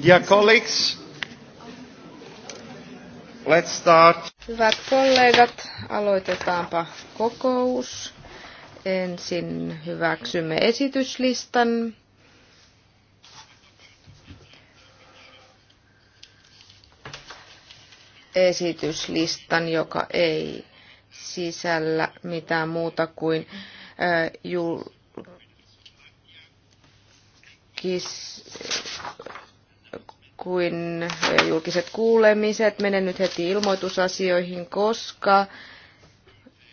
Dear colleagues, let's start. Hyvät kollegat, aloitetaanpa kokous. Ensin hyväksymme esityslistan. Esityslistan, joka ei sisällä mitään muuta kuin äh, jul- kuin julkiset kuulemiset. Menen nyt heti ilmoitusasioihin, koska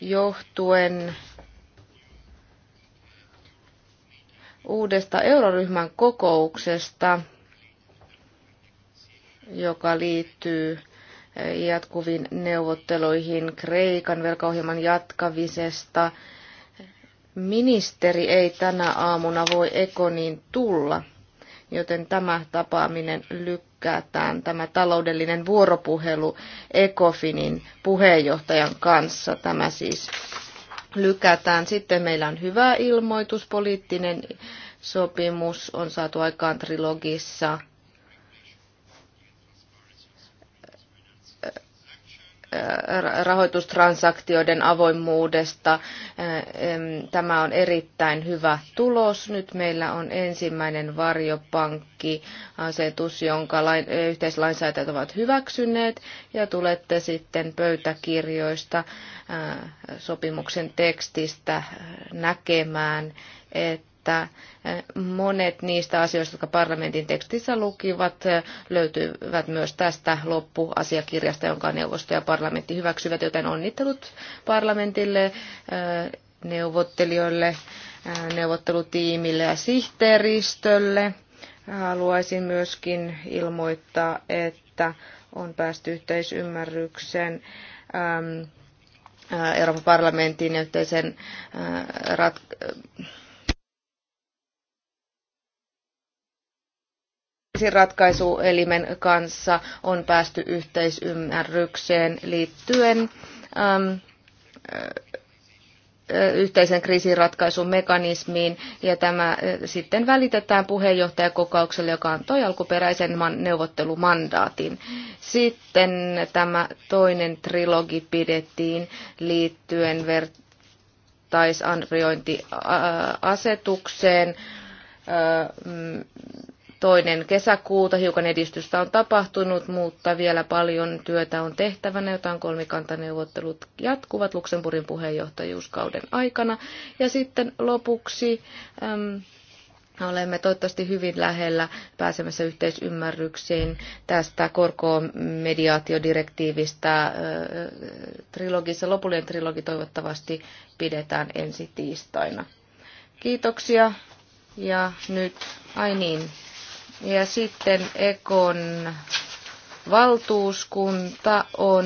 johtuen uudesta euroryhmän kokouksesta, joka liittyy jatkuviin neuvotteluihin Kreikan velkaohjelman jatkamisesta Ministeri ei tänä aamuna voi Ekoniin tulla, joten tämä tapaaminen lykkäätään, tämä taloudellinen vuoropuhelu Ekofinin puheenjohtajan kanssa. Tämä siis lykätään. Sitten meillä on hyvä ilmoitus, poliittinen sopimus on saatu aikaan trilogissa rahoitustransaktioiden avoimuudesta. Tämä on erittäin hyvä tulos. Nyt meillä on ensimmäinen varjopankkiasetus, jonka yhteislainsäätäjät ovat hyväksyneet, ja tulette sitten pöytäkirjoista sopimuksen tekstistä näkemään, että että monet niistä asioista, jotka parlamentin tekstissä lukivat, löytyvät myös tästä loppuasiakirjasta, jonka neuvosto ja parlamentti hyväksyvät, joten onnittelut parlamentille, neuvottelijoille, neuvottelutiimille ja sihteeristölle. Haluaisin myöskin ilmoittaa, että on päästy yhteisymmärrykseen Euroopan parlamentin yhteisen rat- ratkaisuelimen kanssa on päästy yhteisymmärrykseen liittyen äm, äh, yhteisen kriisinratkaisun mekanismiin ja tämä äh, sitten välitetään puheenjohtajakokoukselle, joka antoi alkuperäisen neuvottelumandaatin. Sitten tämä toinen trilogi pidettiin liittyen Äh, mm, toinen kesäkuuta. Hiukan edistystä on tapahtunut, mutta vielä paljon työtä on tehtävänä, jota on kolmikantaneuvottelut jatkuvat Luxemburgin puheenjohtajuuskauden aikana. Ja sitten lopuksi... Äm, Olemme toivottavasti hyvin lähellä pääsemässä yhteisymmärryksiin tästä korkomediaatiodirektiivistä. Äh, trilogissa, lopullinen trilogi toivottavasti pidetään ensi tiistaina. Kiitoksia ja nyt, ai niin, ja sitten Ekon valtuuskunta on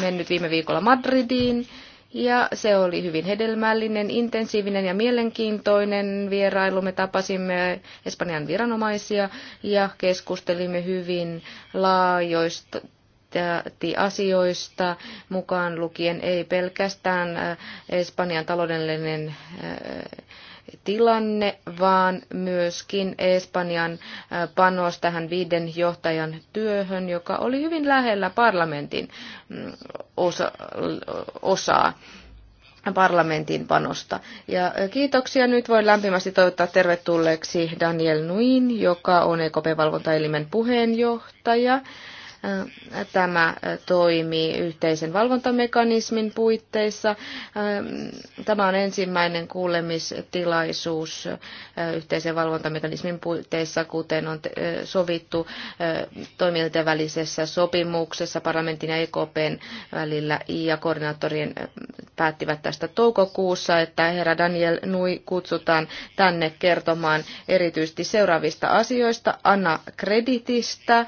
mennyt viime viikolla Madridiin ja se oli hyvin hedelmällinen, intensiivinen ja mielenkiintoinen vierailu. Me tapasimme Espanjan viranomaisia ja keskustelimme hyvin laajoista asioista, mukaan lukien ei pelkästään äh, Espanjan taloudellinen äh, tilanne, vaan myöskin Espanjan panos tähän viiden johtajan työhön, joka oli hyvin lähellä parlamentin mm, osa, osaa parlamentin panosta. Ja kiitoksia. Nyt voin lämpimästi toivottaa tervetulleeksi Daniel Nuin, joka on EKP-valvontaelimen puheenjohtaja. Tämä toimii yhteisen valvontamekanismin puitteissa. Tämä on ensimmäinen kuulemistilaisuus yhteisen valvontamekanismin puitteissa, kuten on sovittu toimijoiden välisessä sopimuksessa parlamentin ja EKPn välillä ja koordinaattorien päättivät tästä toukokuussa, että herra Daniel Nui kutsutaan tänne kertomaan erityisesti seuraavista asioista. Anna kreditistä,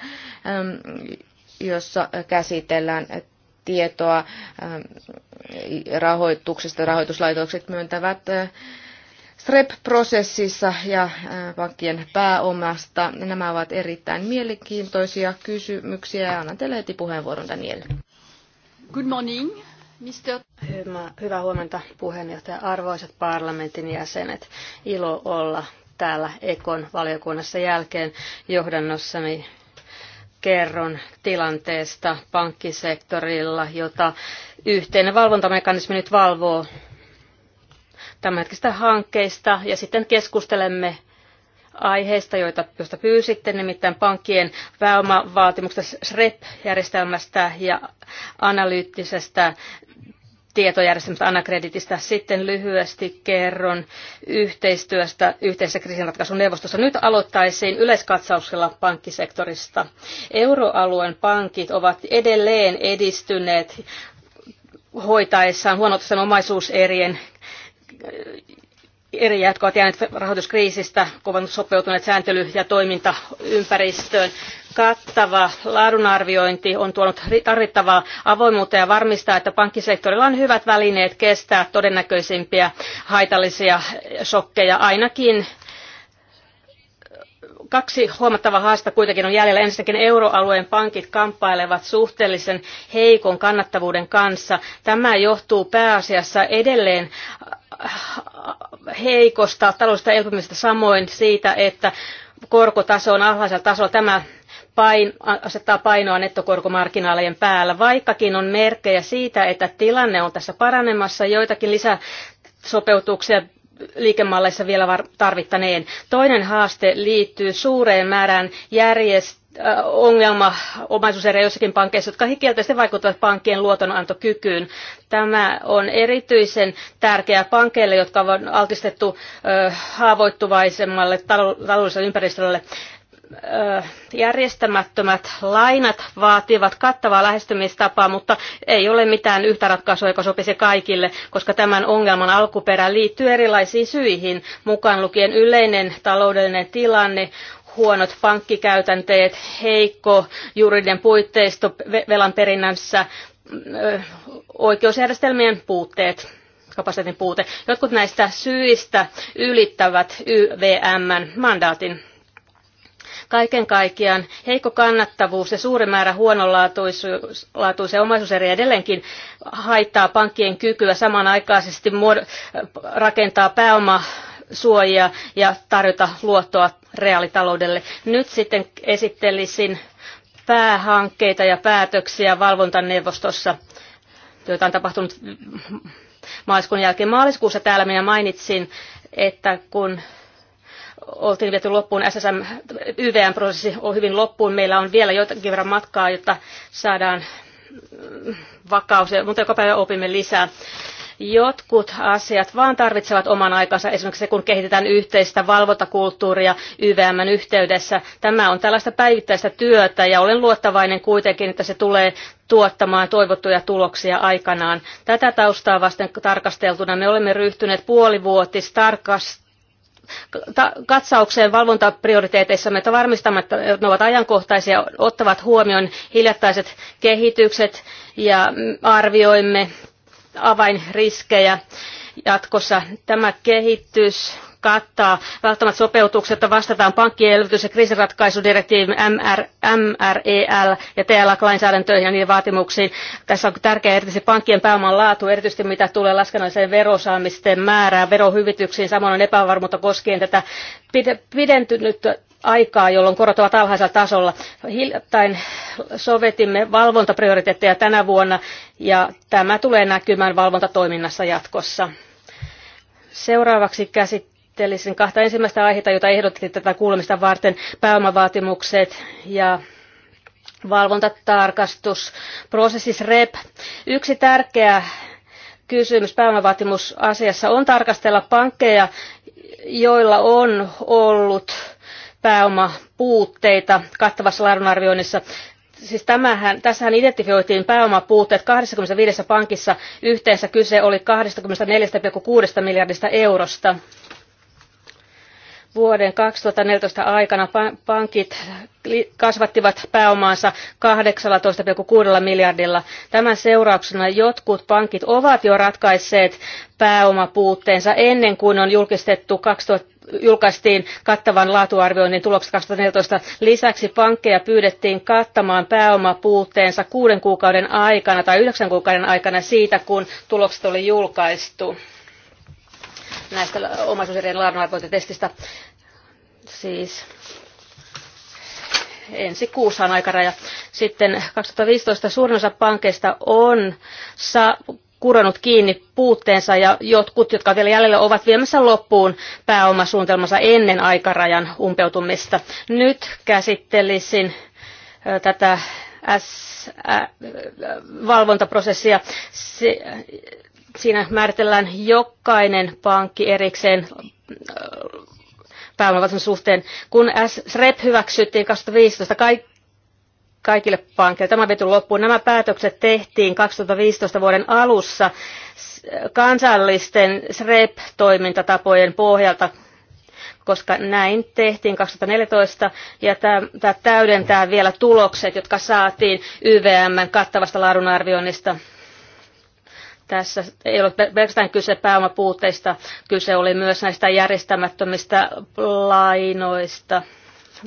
jossa käsitellään tietoa ähm, rahoituksesta. Rahoituslaitokset myöntävät äh, SREP-prosessissa ja äh, pankkien pääomasta. Nämä ovat erittäin mielenkiintoisia kysymyksiä annan teille heti puheenvuoron Daniel. Good morning. Mister... Hyvä, hyvää huomenta puheenjohtaja, arvoisat parlamentin jäsenet. Ilo olla täällä Ekon valiokunnassa jälkeen johdannossani kerron tilanteesta pankkisektorilla, jota yhteinen valvontamekanismi nyt valvoo tämänhetkistä hankkeista ja sitten keskustelemme aiheista, joita, joista pyysitte, nimittäin pankkien pääomavaatimuksesta SREP-järjestelmästä ja analyyttisestä tietojärjestelmästä Anakreditistä. Sitten lyhyesti kerron yhteistyöstä yhteisessä kriisinratkaisun neuvostossa. Nyt aloittaisin yleiskatsauksella pankkisektorista. Euroalueen pankit ovat edelleen edistyneet hoitaessaan huonotusten omaisuuserien eriä, jotka ovat jääneet rahoituskriisistä, kovan sopeutuneet sääntely- ja toimintaympäristöön. Kattava laadunarviointi on tuonut tarvittavaa avoimuutta ja varmistaa, että pankkisektorilla on hyvät välineet kestää todennäköisimpiä haitallisia shokkeja ainakin Kaksi huomattavaa haasta kuitenkin on jäljellä. Ensinnäkin euroalueen pankit kamppailevat suhteellisen heikon kannattavuuden kanssa. Tämä johtuu pääasiassa edelleen äh, heikosta taloudellisesta elpymisestä samoin siitä, että korkotaso on alhaisella tasolla. Tämä pain, asettaa painoa nettokorkomarkkinaalien päällä, vaikkakin on merkkejä siitä, että tilanne on tässä paranemassa. Joitakin lisäsopeutuksia liikemalleissa vielä tarvittaneen. Toinen haaste liittyy suureen määrään järjestelmää äh, ongelma omaisuuseriä joissakin pankeissa, jotka kielteisesti vaikuttavat pankkien luotonantokykyyn. Tämä on erityisen tärkeää pankeille, jotka on altistettu äh, haavoittuvaisemmalle taloudelliselle ympäristölle järjestämättömät lainat vaativat kattavaa lähestymistapaa, mutta ei ole mitään yhtä ratkaisua, joka sopisi kaikille, koska tämän ongelman alkuperä liittyy erilaisiin syihin, mukaan lukien yleinen taloudellinen tilanne, huonot pankkikäytänteet, heikko juridinen puitteisto velan perinnässä, oikeusjärjestelmien puutteet kapasiteetin puute. Jotkut näistä syistä ylittävät YVMn mandaatin Kaiken kaikkiaan heikko kannattavuus ja suuri määrä huonolaatuisia omaisuuseriä edelleenkin haittaa pankkien kykyä samanaikaisesti rakentaa pääomasuojia ja tarjota luottoa reaalitaloudelle. Nyt sitten esittelisin päähankkeita ja päätöksiä valvontaneuvostossa, joita on tapahtunut maaliskuun jälkeen. Maaliskuussa täällä minä mainitsin, että kun oltiin viety loppuun. SSM YVM-prosessi on hyvin loppuun. Meillä on vielä jotakin verran matkaa, jotta saadaan mm, vakaus, mutta joka päivä opimme lisää. Jotkut asiat vaan tarvitsevat oman aikansa, esimerkiksi se, kun kehitetään yhteistä valvontakulttuuria YVMn yhteydessä. Tämä on tällaista päivittäistä työtä ja olen luottavainen kuitenkin, että se tulee tuottamaan toivottuja tuloksia aikanaan. Tätä taustaa vasten tarkasteltuna me olemme ryhtyneet puolivuotis tarkast katsaukseen valvontaprioriteeteissa, että varmistamme, että ne ovat ajankohtaisia, ottavat huomioon hiljattaiset kehitykset ja arvioimme avainriskejä jatkossa. Tämä kehitys kattaa välttämättä sopeutukset, että vastataan pankkien elvytys- ja kriisiratkaisudirektiivin MR, MREL ja TLAC-lainsäädäntöihin ja niiden vaatimuksiin. Tässä on tärkeää erityisesti pankkien pääoman laatu, erityisesti mitä tulee laskennalliseen verosaamisten määrään, verohyvityksiin, samoin on epävarmuutta koskien tätä pidentynyttä aikaa, jolloin korot ovat alhaisella tasolla. Hiljattain sovetimme valvontaprioriteetteja tänä vuonna ja tämä tulee näkymään valvontatoiminnassa jatkossa. Seuraavaksi käsittelemme käsittelisin kahta ensimmäistä aihetta, jota ehdotettiin tätä kuulemista varten, pääomavaatimukset ja valvontatarkastus, prosessis REP. Yksi tärkeä kysymys pääomavaatimusasiassa on tarkastella pankkeja, joilla on ollut pääomapuutteita kattavassa laadunarvioinnissa. Siis tämähän, tässähän identifioitiin pääomapuutteet 25 pankissa, yhteensä kyse oli 24,6 miljardista eurosta vuoden 2014 aikana pankit kasvattivat pääomaansa 18,6 miljardilla. Tämän seurauksena jotkut pankit ovat jo ratkaisseet pääomapuutteensa ennen kuin on julkistettu 2000 julkaistiin kattavan laatuarvioinnin tulokset 2014. Lisäksi pankkeja pyydettiin kattamaan pääomapuutteensa kuuden kuukauden aikana tai yhdeksän kuukauden aikana siitä, kun tulokset oli julkaistu näistä omaisuuserien testistä, Siis ensi kuussa on aikaraja. Sitten 2015 suurin osa pankeista on sa- kuronut kiinni puutteensa ja jotkut, jotka vielä jäljellä ovat viemässä loppuun pääomasuunnitelmansa ennen aikarajan umpeutumista. Nyt käsittelisin tätä S- valvontaprosessia. Se, Siinä määritellään jokainen pankki erikseen äh, pääomavaltuuden suhteen. Kun SREP hyväksyttiin 2015 kaik- kaikille pankeille. Tämä vety loppuun. Nämä päätökset tehtiin 2015 vuoden alussa kansallisten SREP-toimintatapojen pohjalta, koska näin tehtiin 2014, ja tämä täydentää vielä tulokset, jotka saatiin YVMn kattavasta laadunarvioinnista tässä ei ole pelkästään kyse pääomapuutteista, kyse oli myös näistä järjestämättömistä lainoista.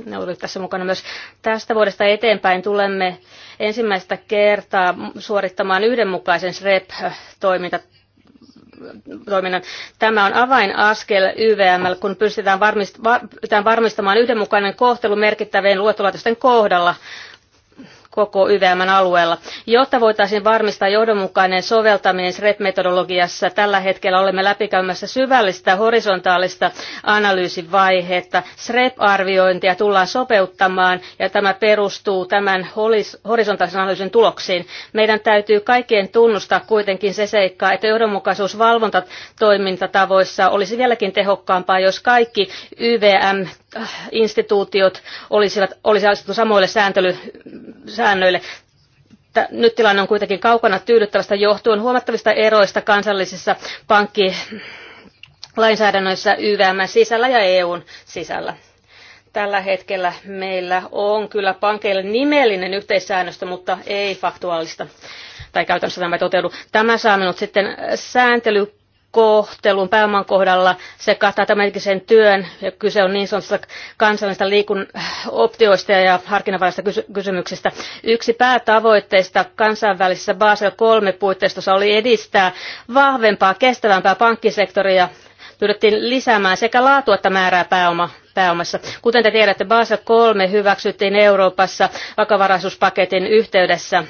Ne olivat tässä mukana myös. Tästä vuodesta eteenpäin tulemme ensimmäistä kertaa suorittamaan yhdenmukaisen SREP-toiminta toiminnan. Tämä on avainaskel YVML, kun pystytään, pystytään varmistamaan yhdenmukainen kohtelu merkittävien luottolaitosten kohdalla koko YVMn alueella. Jotta voitaisiin varmistaa johdonmukainen soveltaminen SREP-metodologiassa, tällä hetkellä olemme läpikäymässä syvällistä horisontaalista analyysivaihetta. SREP-arviointia tullaan sopeuttamaan ja tämä perustuu tämän horisontaalisen analyysin tuloksiin. Meidän täytyy kaikkien tunnustaa kuitenkin se seikka, että johdonmukaisuusvalvontatoimintatavoissa olisi vieläkin tehokkaampaa, jos kaikki YVM instituutiot olisivat, olisi asetettu samoille sääntelysäännöille. Nyt tilanne on kuitenkin kaukana tyydyttävästä johtuen huomattavista eroista kansallisissa pankkilainsäädännöissä YVM sisällä ja EUn sisällä. Tällä hetkellä meillä on kyllä pankeille nimellinen yhteissäännöstö, mutta ei faktuaalista tai käytännössä tämä ei toteudu. Tämä saa minut sitten sääntely kohtelun pääoman kohdalla. Se kattaa tämänhetkisen työn ja kyse on niin sanotusta kansallisista liikun äh, optioista ja harkinnanvaraisista kysy kysymyksistä. Yksi päätavoitteista kansainvälisessä Basel 3 puitteistossa oli edistää vahvempaa, kestävämpää pankkisektoria pyydettiin lisäämään sekä laatua että määrää pääoma, pääomassa. Kuten te tiedätte, Basel 3 hyväksyttiin Euroopassa vakavaraisuuspaketin yhteydessä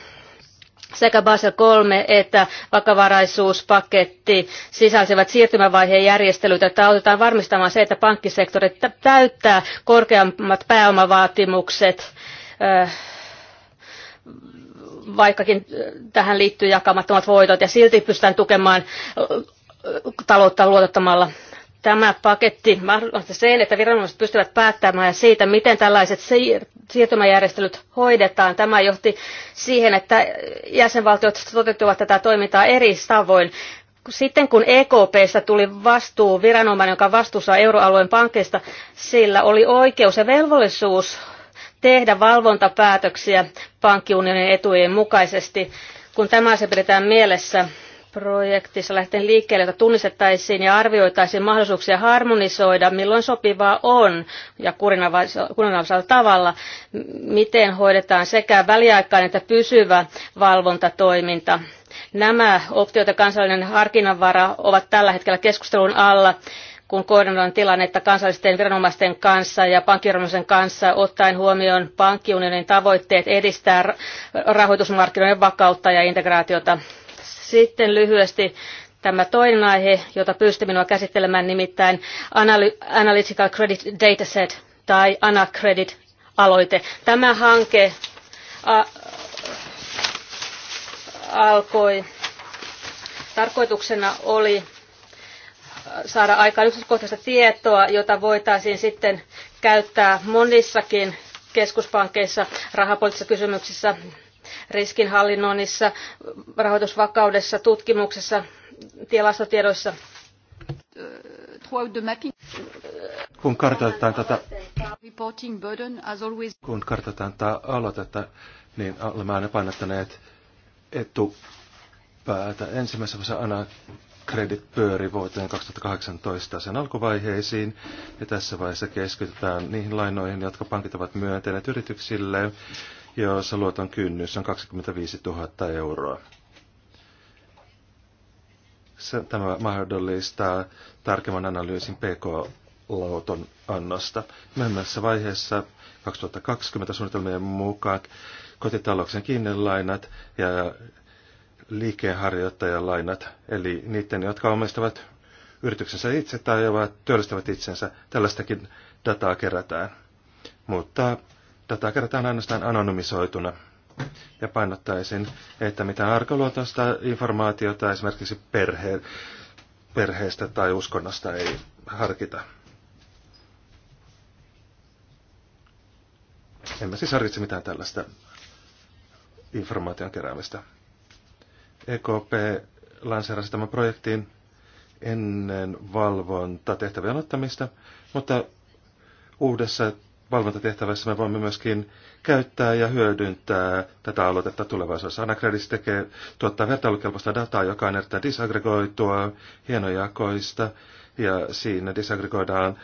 sekä Basel 3 että vakavaraisuuspaketti sisälsevät siirtymävaiheen järjestelyt, että autetaan varmistamaan se, että pankkisektori täyttää korkeammat pääomavaatimukset, äh, vaikkakin äh, tähän liittyy jakamattomat voitot, ja silti pystytään tukemaan äh, taloutta luotottamalla Tämä paketti mahdollistaa sen, että viranomaiset pystyvät päättämään siitä, miten tällaiset siirtymäjärjestelyt hoidetaan. Tämä johti siihen, että jäsenvaltiot toteuttivat tätä toimintaa eri tavoin sitten kun EKPstä tuli vastuu viranomainen, joka vastuussa euroalueen pankeista, sillä oli oikeus ja velvollisuus tehdä valvontapäätöksiä pankkiunionin etujen mukaisesti. Kun tämä asia pidetään mielessä, projektissa lähteä liikkeelle, jota tunnistettaisiin ja arvioitaisiin mahdollisuuksia harmonisoida, milloin sopivaa on ja kurinalaisella tavalla, miten hoidetaan sekä väliaikainen että pysyvä valvontatoiminta. Nämä optiot ja kansallinen harkinnanvara ovat tällä hetkellä keskustelun alla kun koordinoidaan tilannetta kansallisten viranomaisten kanssa ja pankkiviranomaisen kanssa ottaen huomioon pankkiunionin tavoitteet edistää rahoitusmarkkinoiden vakautta ja integraatiota. Sitten lyhyesti tämä toinen aihe, jota pyysti minua käsittelemään, nimittäin Analytical Credit Dataset tai ANACredit-aloite. Tämä hanke alkoi. Tarkoituksena oli saada aikaan yksityiskohtaista tietoa, jota voitaisiin sitten käyttää monissakin keskuspankkeissa rahapoliittisissa kysymyksissä riskinhallinnoinnissa, rahoitusvakaudessa, tutkimuksessa, tilastotiedoissa. Kun kartoitetaan tätä, kun kartoitetaan tätä aloitetta, niin olemme aina painottaneet etupäätä. Ensimmäisessä osassa aina kredit pyöri vuoteen 2018 sen alkuvaiheisiin, ja tässä vaiheessa keskitytään niihin lainoihin, jotka pankit ovat myöntäneet yrityksille ja se luoton kynnys on 25 000 euroa. Se, tämä mahdollistaa tarkemman analyysin PK-lauton annosta. Myöhemmässä vaiheessa 2020 suunnitelmien mukaan kotitalouksen kiinnelainat ja liikkeenharjoittajan lainat, eli niiden, jotka omistavat yrityksensä itse tai ovat, työllistävät itsensä, tällaistakin dataa kerätään. Mutta Tätä kerrotaan ainoastaan anonymisoituna. Ja painottaisin, että mitä arkaluontoista informaatiota esimerkiksi perhe, perheestä tai uskonnosta ei harkita. Emme siis harkitse mitään tällaista informaation keräämistä. EKP lanseerasi tämän projektin ennen valvontatehtävien ottamista, mutta uudessa valvontatehtävässä me voimme myöskin käyttää ja hyödyntää tätä aloitetta tulevaisuudessa. Anacredis tekee, tuottaa vertailukelpoista dataa, joka on erittäin disaggregoitua, hienojakoista, ja siinä disaggregoidaan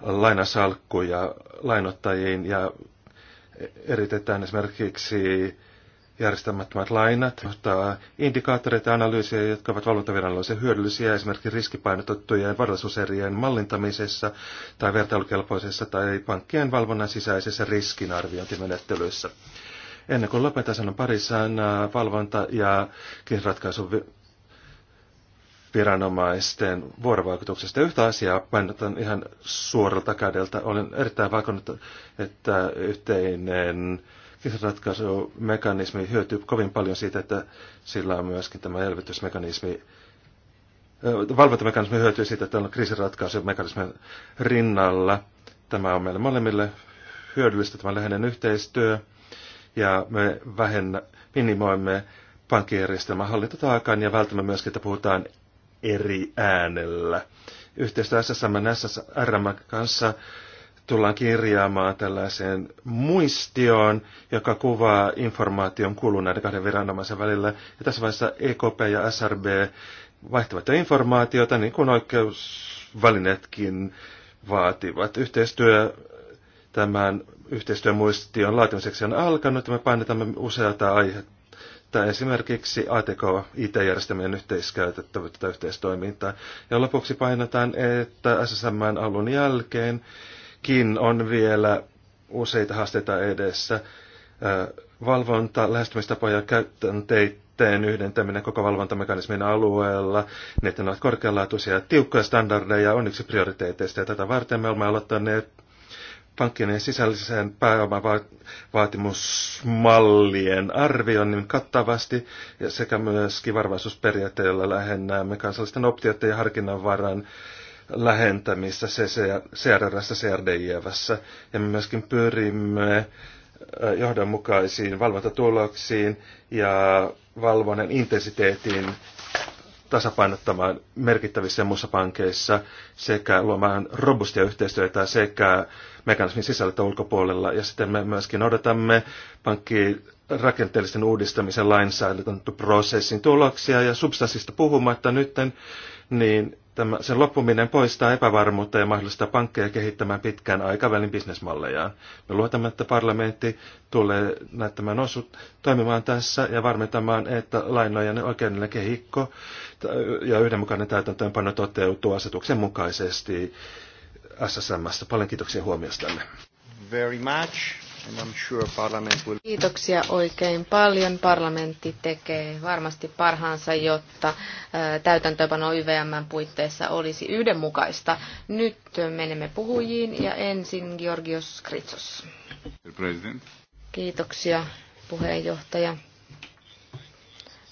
lainasalkkuja lainottajiin ja eritetään esimerkiksi järjestämättömät lainat, ottaa indikaattoreita ja analyysiä, jotka ovat valuuttaviranomaisen hyödyllisiä esimerkiksi riskipainotettujen varallisuuserien mallintamisessa tai vertailukelpoisessa tai pankkien valvonnan sisäisessä riskinarviointimenettelyissä. Ennen kuin lopetan, sanon pari sanaa valvonta- ja ratkaisu viranomaisten vuorovaikutuksesta. Yhtä asiaa painotan ihan suoralta kädeltä. Olen erittäin vaikuttunut, että yhteinen kriisiratkaisumekanismi hyötyy kovin paljon siitä, että sillä on myöskin tämä elvytysmekanismi, valvontamekanismi hyötyy siitä, että on kriisiratkaisumekanismin rinnalla. Tämä on meille molemmille hyödyllistä, tämä läheinen yhteistyö, ja me vähennä, minimoimme pankkijärjestelmän hallintotaakan ja välttämme myöskin, että puhutaan eri äänellä. Yhteistyö SSM ja SSRM kanssa tullaan kirjaamaan tällaiseen muistioon, joka kuvaa informaation kulun näiden kahden viranomaisen välillä. Ja tässä vaiheessa EKP ja SRB vaihtavat informaatiota, niin kuin oikeusvälineetkin vaativat. Yhteistyö tämän yhteistyömuistion laatimiseksi on alkanut ja me painetamme useata aihetta tai esimerkiksi ATK-IT-järjestelmien yhteiskäytettävyyttä yhteistoimintaa. Ja lopuksi painotan, että SSM-alun jälkeen kin on vielä useita haasteita edessä. Valvonta, lähestymistapa ja käytänteiden yhdentäminen koko valvontamekanismin alueella. Ne ovat korkealaatuisia ja tiukkoja standardeja on yksi prioriteeteista. Ja tätä varten me olemme aloittaneet pankkien sisällisen pääomavaatimusmallien niin kattavasti sekä myöskin varvaisuusperiaatteella lähennämme kansallisten optioiden ja harkinnanvaran lähentämistä CRRstä CRDIVssä ja me myöskin pyrimme johdonmukaisiin valvontatuloksiin ja valvonnan intensiteetin tasapainottamaan merkittävissä muissa pankeissa sekä luomaan robustia yhteistyötä sekä mekanismin sisällä että ulkopuolella. Ja sitten me myöskin odotamme pankkiin rakenteellisten uudistamisen lainsäädäntöprosessin tuloksia ja substanssista puhumatta nytten, niin Tämä, sen loppuminen poistaa epävarmuutta ja mahdollistaa pankkeja kehittämään pitkän aikavälin bisnesmallejaan. Me luotamme, että parlamentti tulee näyttämään osut toimimaan tässä ja varmentamaan, että lainojen oikeudellinen kehikko ja yhdenmukainen täytäntöönpano toteutuu asetuksen mukaisesti SSMssä. Paljon kiitoksia huomiostanne. Very much. Kiitoksia oikein paljon. Parlamentti tekee varmasti parhaansa, jotta täytäntöpano YVMn puitteissa olisi yhdenmukaista. Nyt menemme puhujiin ja ensin Georgios Kritsos. Kiitoksia puheenjohtaja.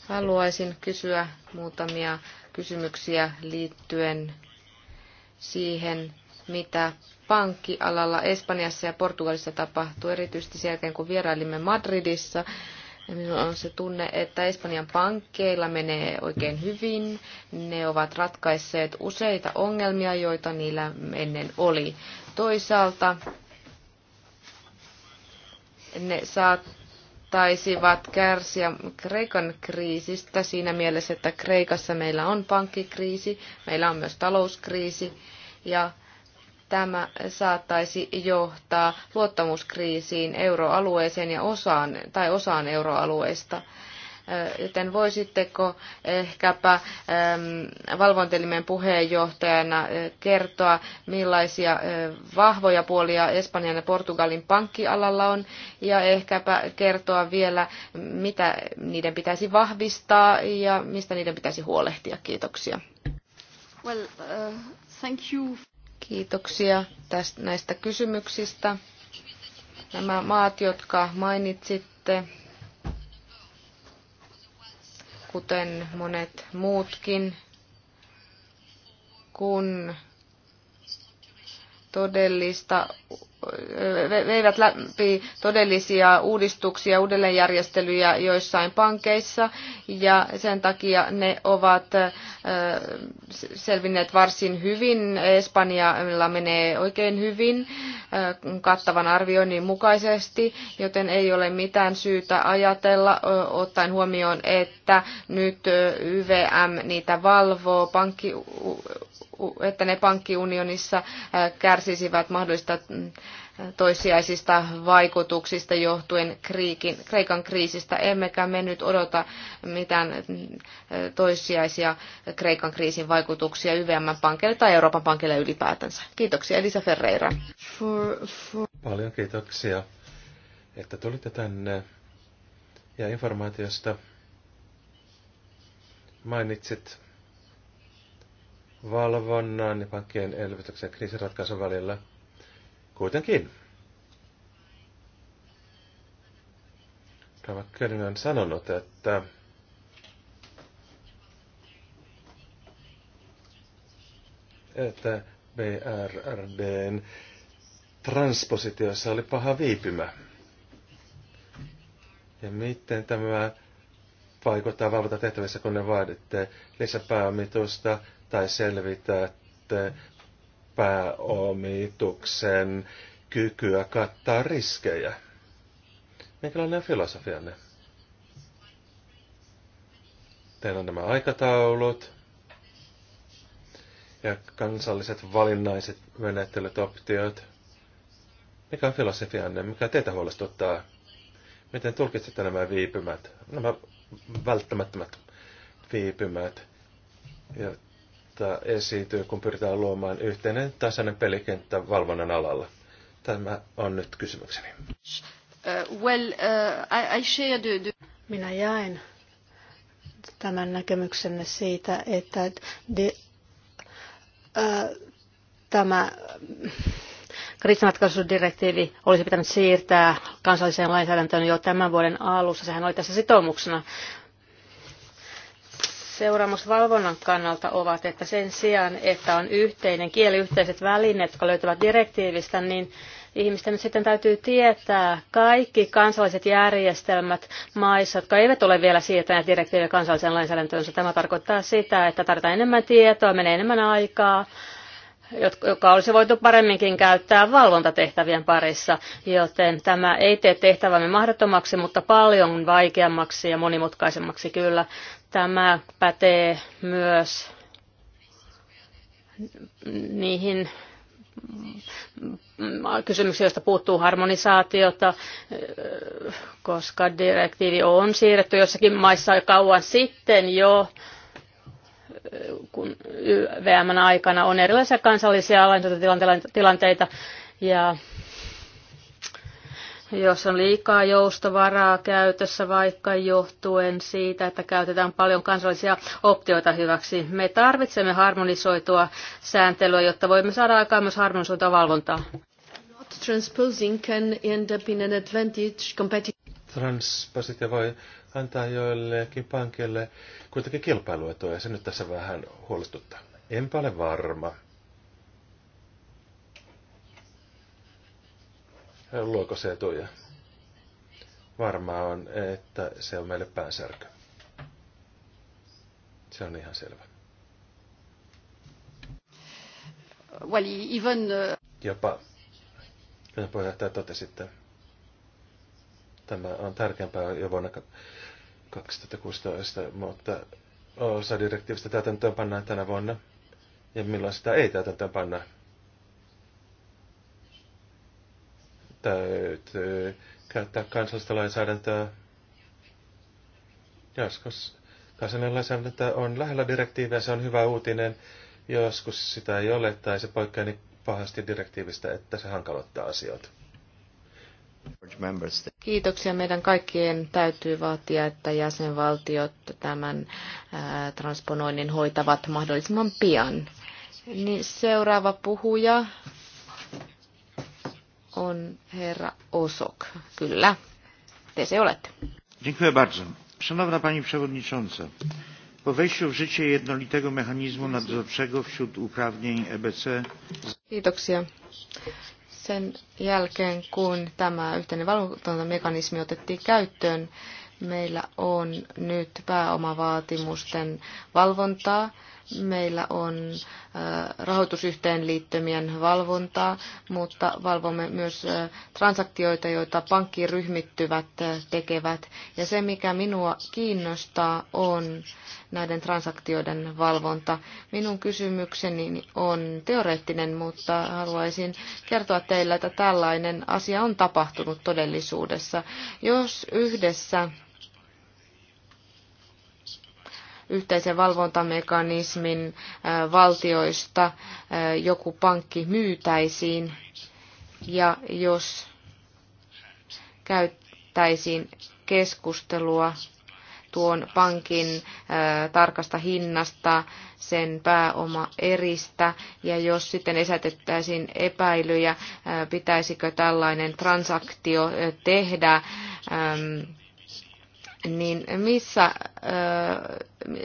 Haluaisin kysyä muutamia kysymyksiä liittyen siihen, mitä pankkialalla Espanjassa ja Portugalissa tapahtui, erityisesti sen jälkeen kun vierailimme Madridissa. Minulla on se tunne, että Espanjan pankkeilla menee oikein hyvin. Ne ovat ratkaisseet useita ongelmia, joita niillä ennen oli. Toisaalta ne saattaisivat kärsiä Kreikan kriisistä siinä mielessä, että Kreikassa meillä on pankkikriisi, meillä on myös talouskriisi ja tämä saattaisi johtaa luottamuskriisiin euroalueeseen ja osaan, tai osaan euroalueesta. Joten voisitteko ehkäpä valvontelimen puheenjohtajana kertoa, millaisia vahvoja puolia Espanjan ja Portugalin pankkialalla on, ja ehkäpä kertoa vielä, mitä niiden pitäisi vahvistaa ja mistä niiden pitäisi huolehtia. Kiitoksia. Well, uh, thank you. Kiitoksia tästä, näistä kysymyksistä. Nämä maat, jotka mainitsitte, kuten monet muutkin, kun todellista, veivät läpi todellisia uudistuksia, uudelleenjärjestelyjä joissain pankeissa ja sen takia ne ovat selvinneet varsin hyvin. Espanjalla menee oikein hyvin kattavan arvioinnin mukaisesti, joten ei ole mitään syytä ajatella, ottaen huomioon, että nyt YVM niitä valvoo, pankki että ne pankkiunionissa kärsisivät mahdollisista mm, toissijaisista vaikutuksista johtuen kriikin, Kreikan kriisistä, emmekä me nyt odota mitään mm, toissijaisia Kreikan kriisin vaikutuksia YVM-pankille tai Euroopan pankille ylipäätänsä. Kiitoksia Elisa Ferreira. For, for... Paljon kiitoksia, että tulitte tänne ja informaatiosta mainitsit valvonnan ja pankkien elvytyksen ja kriisiratkaisun välillä. Kuitenkin. tämä König on sanonut, että että BRRDn transpositiossa oli paha viipymä. Ja miten tämä vaikuttaa valvontatehtävissä, kun ne vaaditte lisäpääomitusta, tai selvitätte pääomituksen kykyä kattaa riskejä? Minkälainen on filosofianne? Teillä on nämä aikataulut ja kansalliset valinnaiset menettelyt, optiot. Mikä on filosofianne? Mikä teitä huolestuttaa? Miten tulkitsette nämä viipymät, nämä välttämättömät viipymät, ja kohta esiintyy, kun pyritään luomaan yhteinen tasainen pelikenttä valvonnan alalla? Tämä on nyt kysymykseni. Uh, well, uh, I, I share the, the... Minä jaen tämän näkemyksenne siitä, että de, uh, tämä kriisimatkaisuusdirektiivi olisi pitänyt siirtää kansalliseen lainsäädäntöön jo tämän vuoden alussa. Sehän oli tässä sitoumuksena seuraamusvalvonnan kannalta ovat, että sen sijaan, että on yhteinen kieliyhteiset välineet, jotka löytyvät direktiivistä, niin ihmisten nyt sitten täytyy tietää kaikki kansalliset järjestelmät maissa, jotka eivät ole vielä siirtäneet direktiiviä kansalliseen lainsäädäntöönsä. Tämä tarkoittaa sitä, että tarvitaan enemmän tietoa, menee enemmän aikaa, joka olisi voitu paremminkin käyttää valvontatehtävien parissa, joten tämä ei tee tehtävämme mahdottomaksi, mutta paljon vaikeammaksi ja monimutkaisemmaksi kyllä. Tämä pätee myös niihin kysymyksiä, joista puuttuu harmonisaatiota, koska direktiivi on siirretty jossakin maissa jo kauan sitten jo, kun YVMn aikana on erilaisia kansallisia lainsäädäntötilanteita ja jos on liikaa joustovaraa käytössä vaikka johtuen siitä, että käytetään paljon kansallisia optioita hyväksi. Me tarvitsemme harmonisoitua sääntelyä, jotta voimme saada aikaan myös harmonisoitua valvontaa. Transpositio voi antaa joillekin pankille kuitenkin kilpailuetua ja se nyt tässä vähän huolestuttaa. Enpä ole varma. Luoko se etuja? Varmaa on, että se on meille päänsärky. Se on ihan selvä. Well, even, uh... Jopa, kuten puheenjohtaja totesitte, tämä on tärkeämpää jo vuonna 2016, mutta osa direktiivistä täytäntöön pannaan tänä vuonna ja milloin sitä ei täytäntöön pannaan. täytyy äh, käyttää kansallista lainsäädäntöä. Joskus kansallinen lainsäädäntö on lähellä direktiiviä, se on hyvä uutinen. Joskus sitä ei ole tai se poikkeaa niin pahasti direktiivistä, että se hankaloittaa asioita. Kiitoksia. Meidän kaikkien täytyy vaatia, että jäsenvaltiot tämän äh, transponoinnin hoitavat mahdollisimman pian. Niin seuraava puhuja, on herra Osok. Kyllä, te se olette. Dziękuję bardzo. Szanowna Pani Przewodnicząca, po wejściu w życie jednolitego mechanizmu nadzorczego wśród uprawnień EBC... Kiitoksia. Sen jälkeen, kun tämä yhteinen valvontamekanismi otettiin käyttöön, meillä on nyt pääomavaatimusten valvontaa Meillä on rahoitusyhteenliittymien valvontaa, mutta valvomme myös transaktioita, joita pankkiryhmittyvät tekevät. Ja se, mikä minua kiinnostaa, on näiden transaktioiden valvonta. Minun kysymykseni on teoreettinen, mutta haluaisin kertoa teille, että tällainen asia on tapahtunut todellisuudessa. Jos yhdessä yhteisen valvontamekanismin äh, valtioista äh, joku pankki myytäisiin ja jos käyttäisiin keskustelua tuon pankin äh, tarkasta hinnasta, sen pääomaeristä, ja jos sitten esätettäisiin epäilyjä, pitäisikö tällainen transaktio tehdä ähm, niin missä, äh,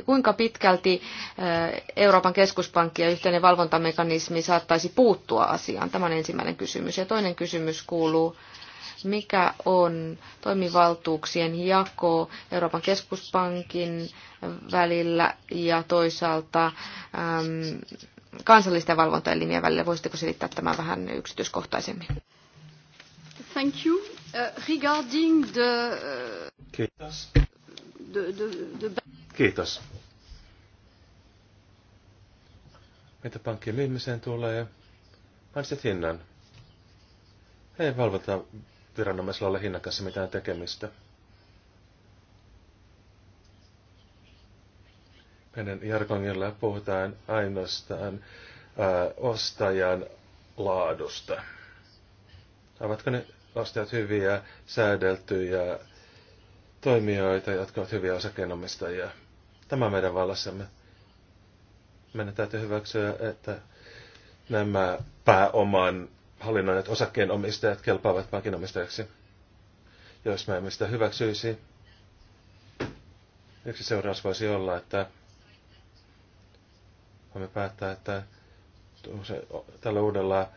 kuinka pitkälti äh, Euroopan keskuspankki ja yhteinen valvontamekanismi saattaisi puuttua asiaan? Tämä on ensimmäinen kysymys. Ja toinen kysymys kuuluu, mikä on toimivaltuuksien jako Euroopan keskuspankin välillä ja toisaalta äm, kansallisten valvontaelimien välillä? Voisitteko selittää tämän vähän yksityiskohtaisemmin? Thank you. Euh, regarding the... Euh, Kiitos. The, the, the... Kiitos. Mitä pankkien myymiseen tulee? Mainitsit hinnan. Ei valvota viranomaisella ole hinnan kanssa mitään tekemistä. Meidän jargongilla puhutaan ainoastaan ää, ostajan laadusta. Ovatko ne ostajat hyviä, säädeltyjä toimijoita, jotka ovat hyviä osakkeenomistajia. Tämä meidän vallassamme. Meidän täytyy hyväksyä, että nämä pääoman hallinnoineet osakkeenomistajat kelpaavat pankinomistajaksi, Jos mä emme sitä hyväksyisi, yksi seuraus voisi olla, että voimme päättää, että tällä uudella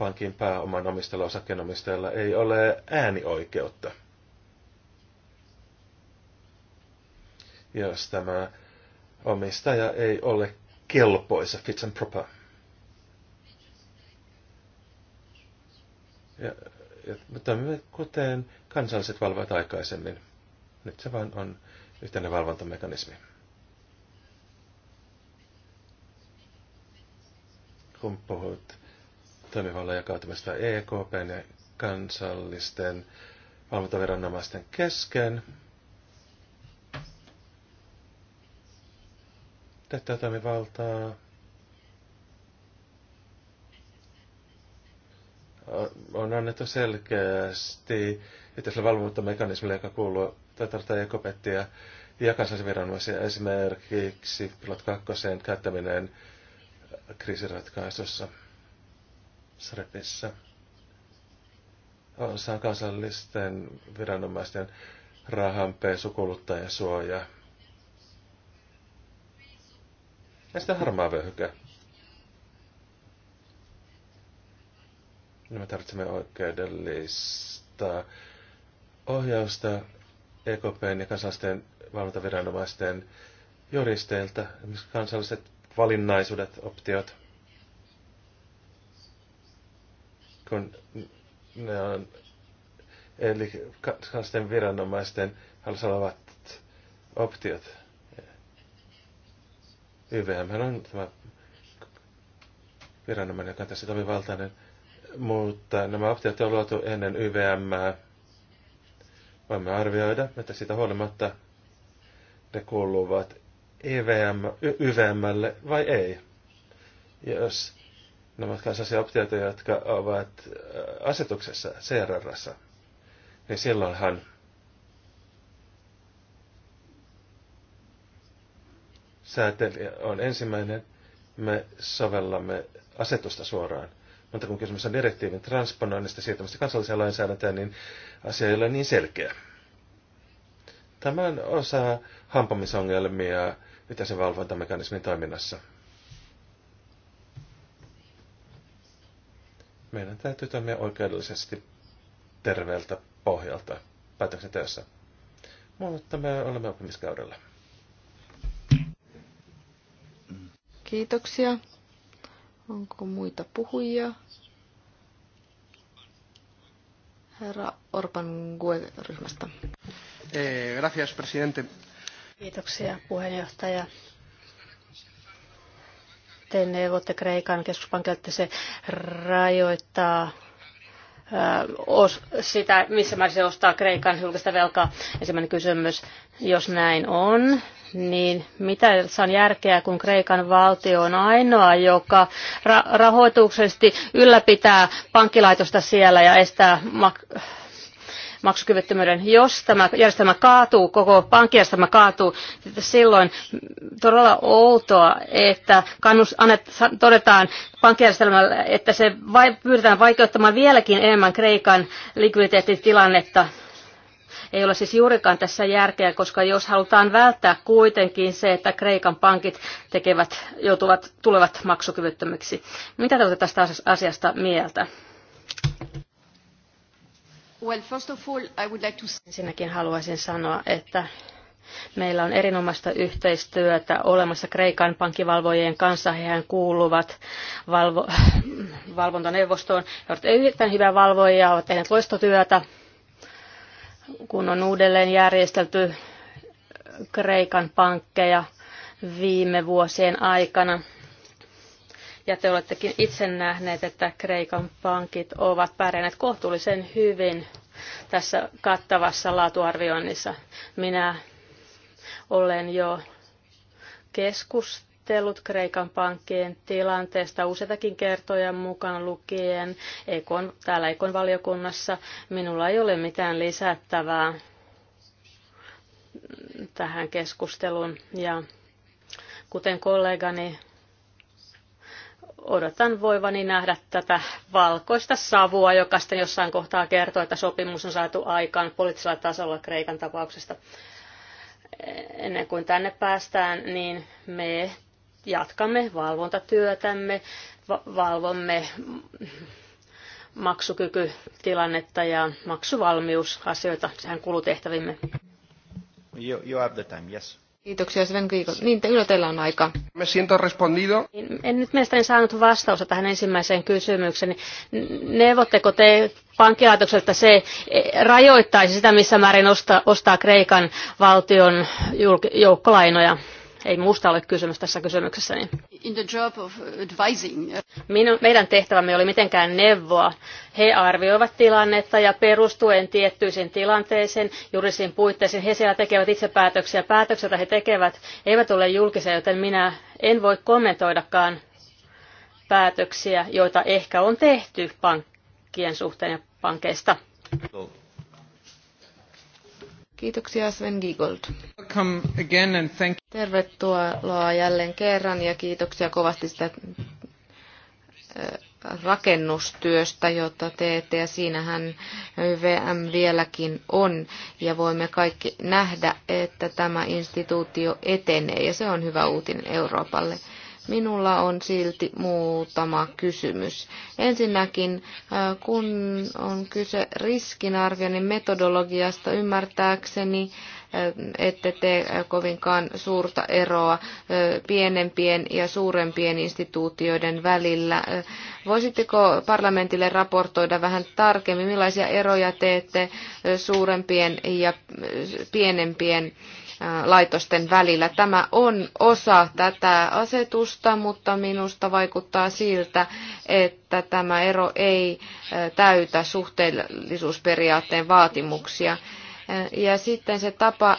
pankin pääoman omistajalla osakkeenomistajalla ei ole äänioikeutta. Jos tämä omistaja ei ole kelpoisa fits and proper. Ja, ja, mutta me kuten kansalliset valvovat aikaisemmin. Nyt se vain on yhteinen valvontamekanismi. Kun puhut toimivallan jakautumista EKPn ja kansallisten valvontaviranomaisten kesken. Tätä toimivaltaa on annettu selkeästi yhteisellä valvontamekanismilla, joka kuuluu tätä ekopettiä ja kansallisviranomaisia esimerkiksi Pilot 2 käyttäminen kriisiratkaisussa. SREPissä osa kansallisten viranomaisten rahanpesu, suoja. Ja sitten harmaa vöhykä. Me tarvitsemme oikeudellista ohjausta EKPn ja kansallisten valvontaviranomaisten juristeilta, kansalliset valinnaisuudet, optiot. kun ne on, eli kansallisten viranomaisten halus olevat optiot. YVM on tämä viranomainen, joka on tässä toimivaltainen, mutta nämä optiot on luotu ennen YVM. Voimme arvioida, että siitä huolimatta ne kuuluvat EVM, YVMlle vai ei. jos Nämä ovat sellaisia optioita, jotka ovat äh, asetuksessa, crr Niin silloinhan säätelijä on ensimmäinen, me sovellamme asetusta suoraan. Mutta kun kysymys on direktiivin transponoinnista siirtämistä kansalliseen lainsäädäntöön, niin asia ei ole niin selkeä. Tämä on osa hampamisongelmia yhteisen valvontamekanismin toiminnassa. meidän täytyy toimia oikeudellisesti terveeltä pohjalta päätöksenteossa. Mutta me olemme oppimiskaudella. Kiitoksia. Onko muita puhujia? Herra Orban GUE-ryhmästä. Eh, gracias, presidente. Kiitoksia puheenjohtaja te neuvotte Kreikan keskuspankille, että se rajoittaa os, sitä, missä määrin se ostaa Kreikan julkista velkaa. Ensimmäinen kysymys, jos näin on, niin mitä se on järkeä, kun Kreikan valtio on ainoa, joka ra- rahoituksesti ylläpitää pankkilaitosta siellä ja estää mak- maksukyvyttömyyden. Jos tämä järjestelmä kaatuu, koko pankkijärjestelmä kaatuu, silloin todella outoa, että kannus, annet, todetaan pankkijärjestelmällä, että se vai, pyritään vaikeuttamaan vieläkin enemmän Kreikan likviditeettitilannetta ei ole siis juurikaan tässä järkeä, koska jos halutaan välttää kuitenkin se, että Kreikan pankit tekevät, joutuvat, tulevat maksukyvyttömiksi. Mitä te olette tästä asiasta mieltä? Well, first of all, I would like to... Ensinnäkin haluaisin sanoa, että meillä on erinomaista yhteistyötä olemassa Kreikan pankkivalvojien kanssa. Hehän kuuluvat valvo, valvontaneuvostoon. He ovat erittäin hyvää valvojia, ovat tehneet loistotyötä, kun on uudelleen järjestelty Kreikan pankkeja viime vuosien aikana. Ja te olettekin itse nähneet, että Kreikan pankit ovat pärjänneet kohtuullisen hyvin tässä kattavassa laatuarvioinnissa. Minä olen jo keskustellut Kreikan pankkien tilanteesta useitakin kertoja mukaan lukien Ekon, täällä Ekon valiokunnassa. Minulla ei ole mitään lisättävää tähän keskusteluun ja kuten kollegani odotan voivani nähdä tätä valkoista savua, joka sitten jossain kohtaa kertoo, että sopimus on saatu aikaan poliittisella tasolla Kreikan tapauksesta. Ennen kuin tänne päästään, niin me jatkamme valvontatyötämme, valvomme maksukykytilannetta ja maksuvalmiusasioita, sehän kulutehtävimme. You, you have the time, yes. Kiitoksia Sven Kiikol. Niin, te, kyllä teillä on aika. Me siento respondido. Niin, en nyt mielestäni saanut vastausta tähän ensimmäiseen kysymykseen. Neuvotteko te pankkilaitokselta, se e, rajoittaisi sitä, missä määrin osta, ostaa Kreikan valtion jouk- joukkolainoja? Ei muusta ole kysymys tässä kysymyksessä. Niin. In the job of advising. meidän tehtävämme oli mitenkään neuvoa. He arvioivat tilannetta ja perustuen tiettyisiin tilanteeseen, juridisiin puitteisiin. He siellä tekevät itse päätöksiä. Päätökset, he tekevät, eivät ole julkisia, joten minä en voi kommentoidakaan päätöksiä, joita ehkä on tehty pankkien suhteen ja pankeista. Kiitoksia Sven Giegold. Welcome again and thank Tervetuloa jälleen kerran ja kiitoksia kovasti sitä rakennustyöstä, jota teette, ja siinähän VM vieläkin on, ja voimme kaikki nähdä, että tämä instituutio etenee, ja se on hyvä uutinen Euroopalle. Minulla on silti muutama kysymys. Ensinnäkin, kun on kyse riskinarvioinnin metodologiasta, ymmärtääkseni, ette tee kovinkaan suurta eroa pienempien ja suurempien instituutioiden välillä. Voisitteko parlamentille raportoida vähän tarkemmin, millaisia eroja teette suurempien ja pienempien laitosten välillä. Tämä on osa tätä asetusta, mutta minusta vaikuttaa siltä, että tämä ero ei täytä suhteellisuusperiaatteen vaatimuksia. Ja sitten se tapa,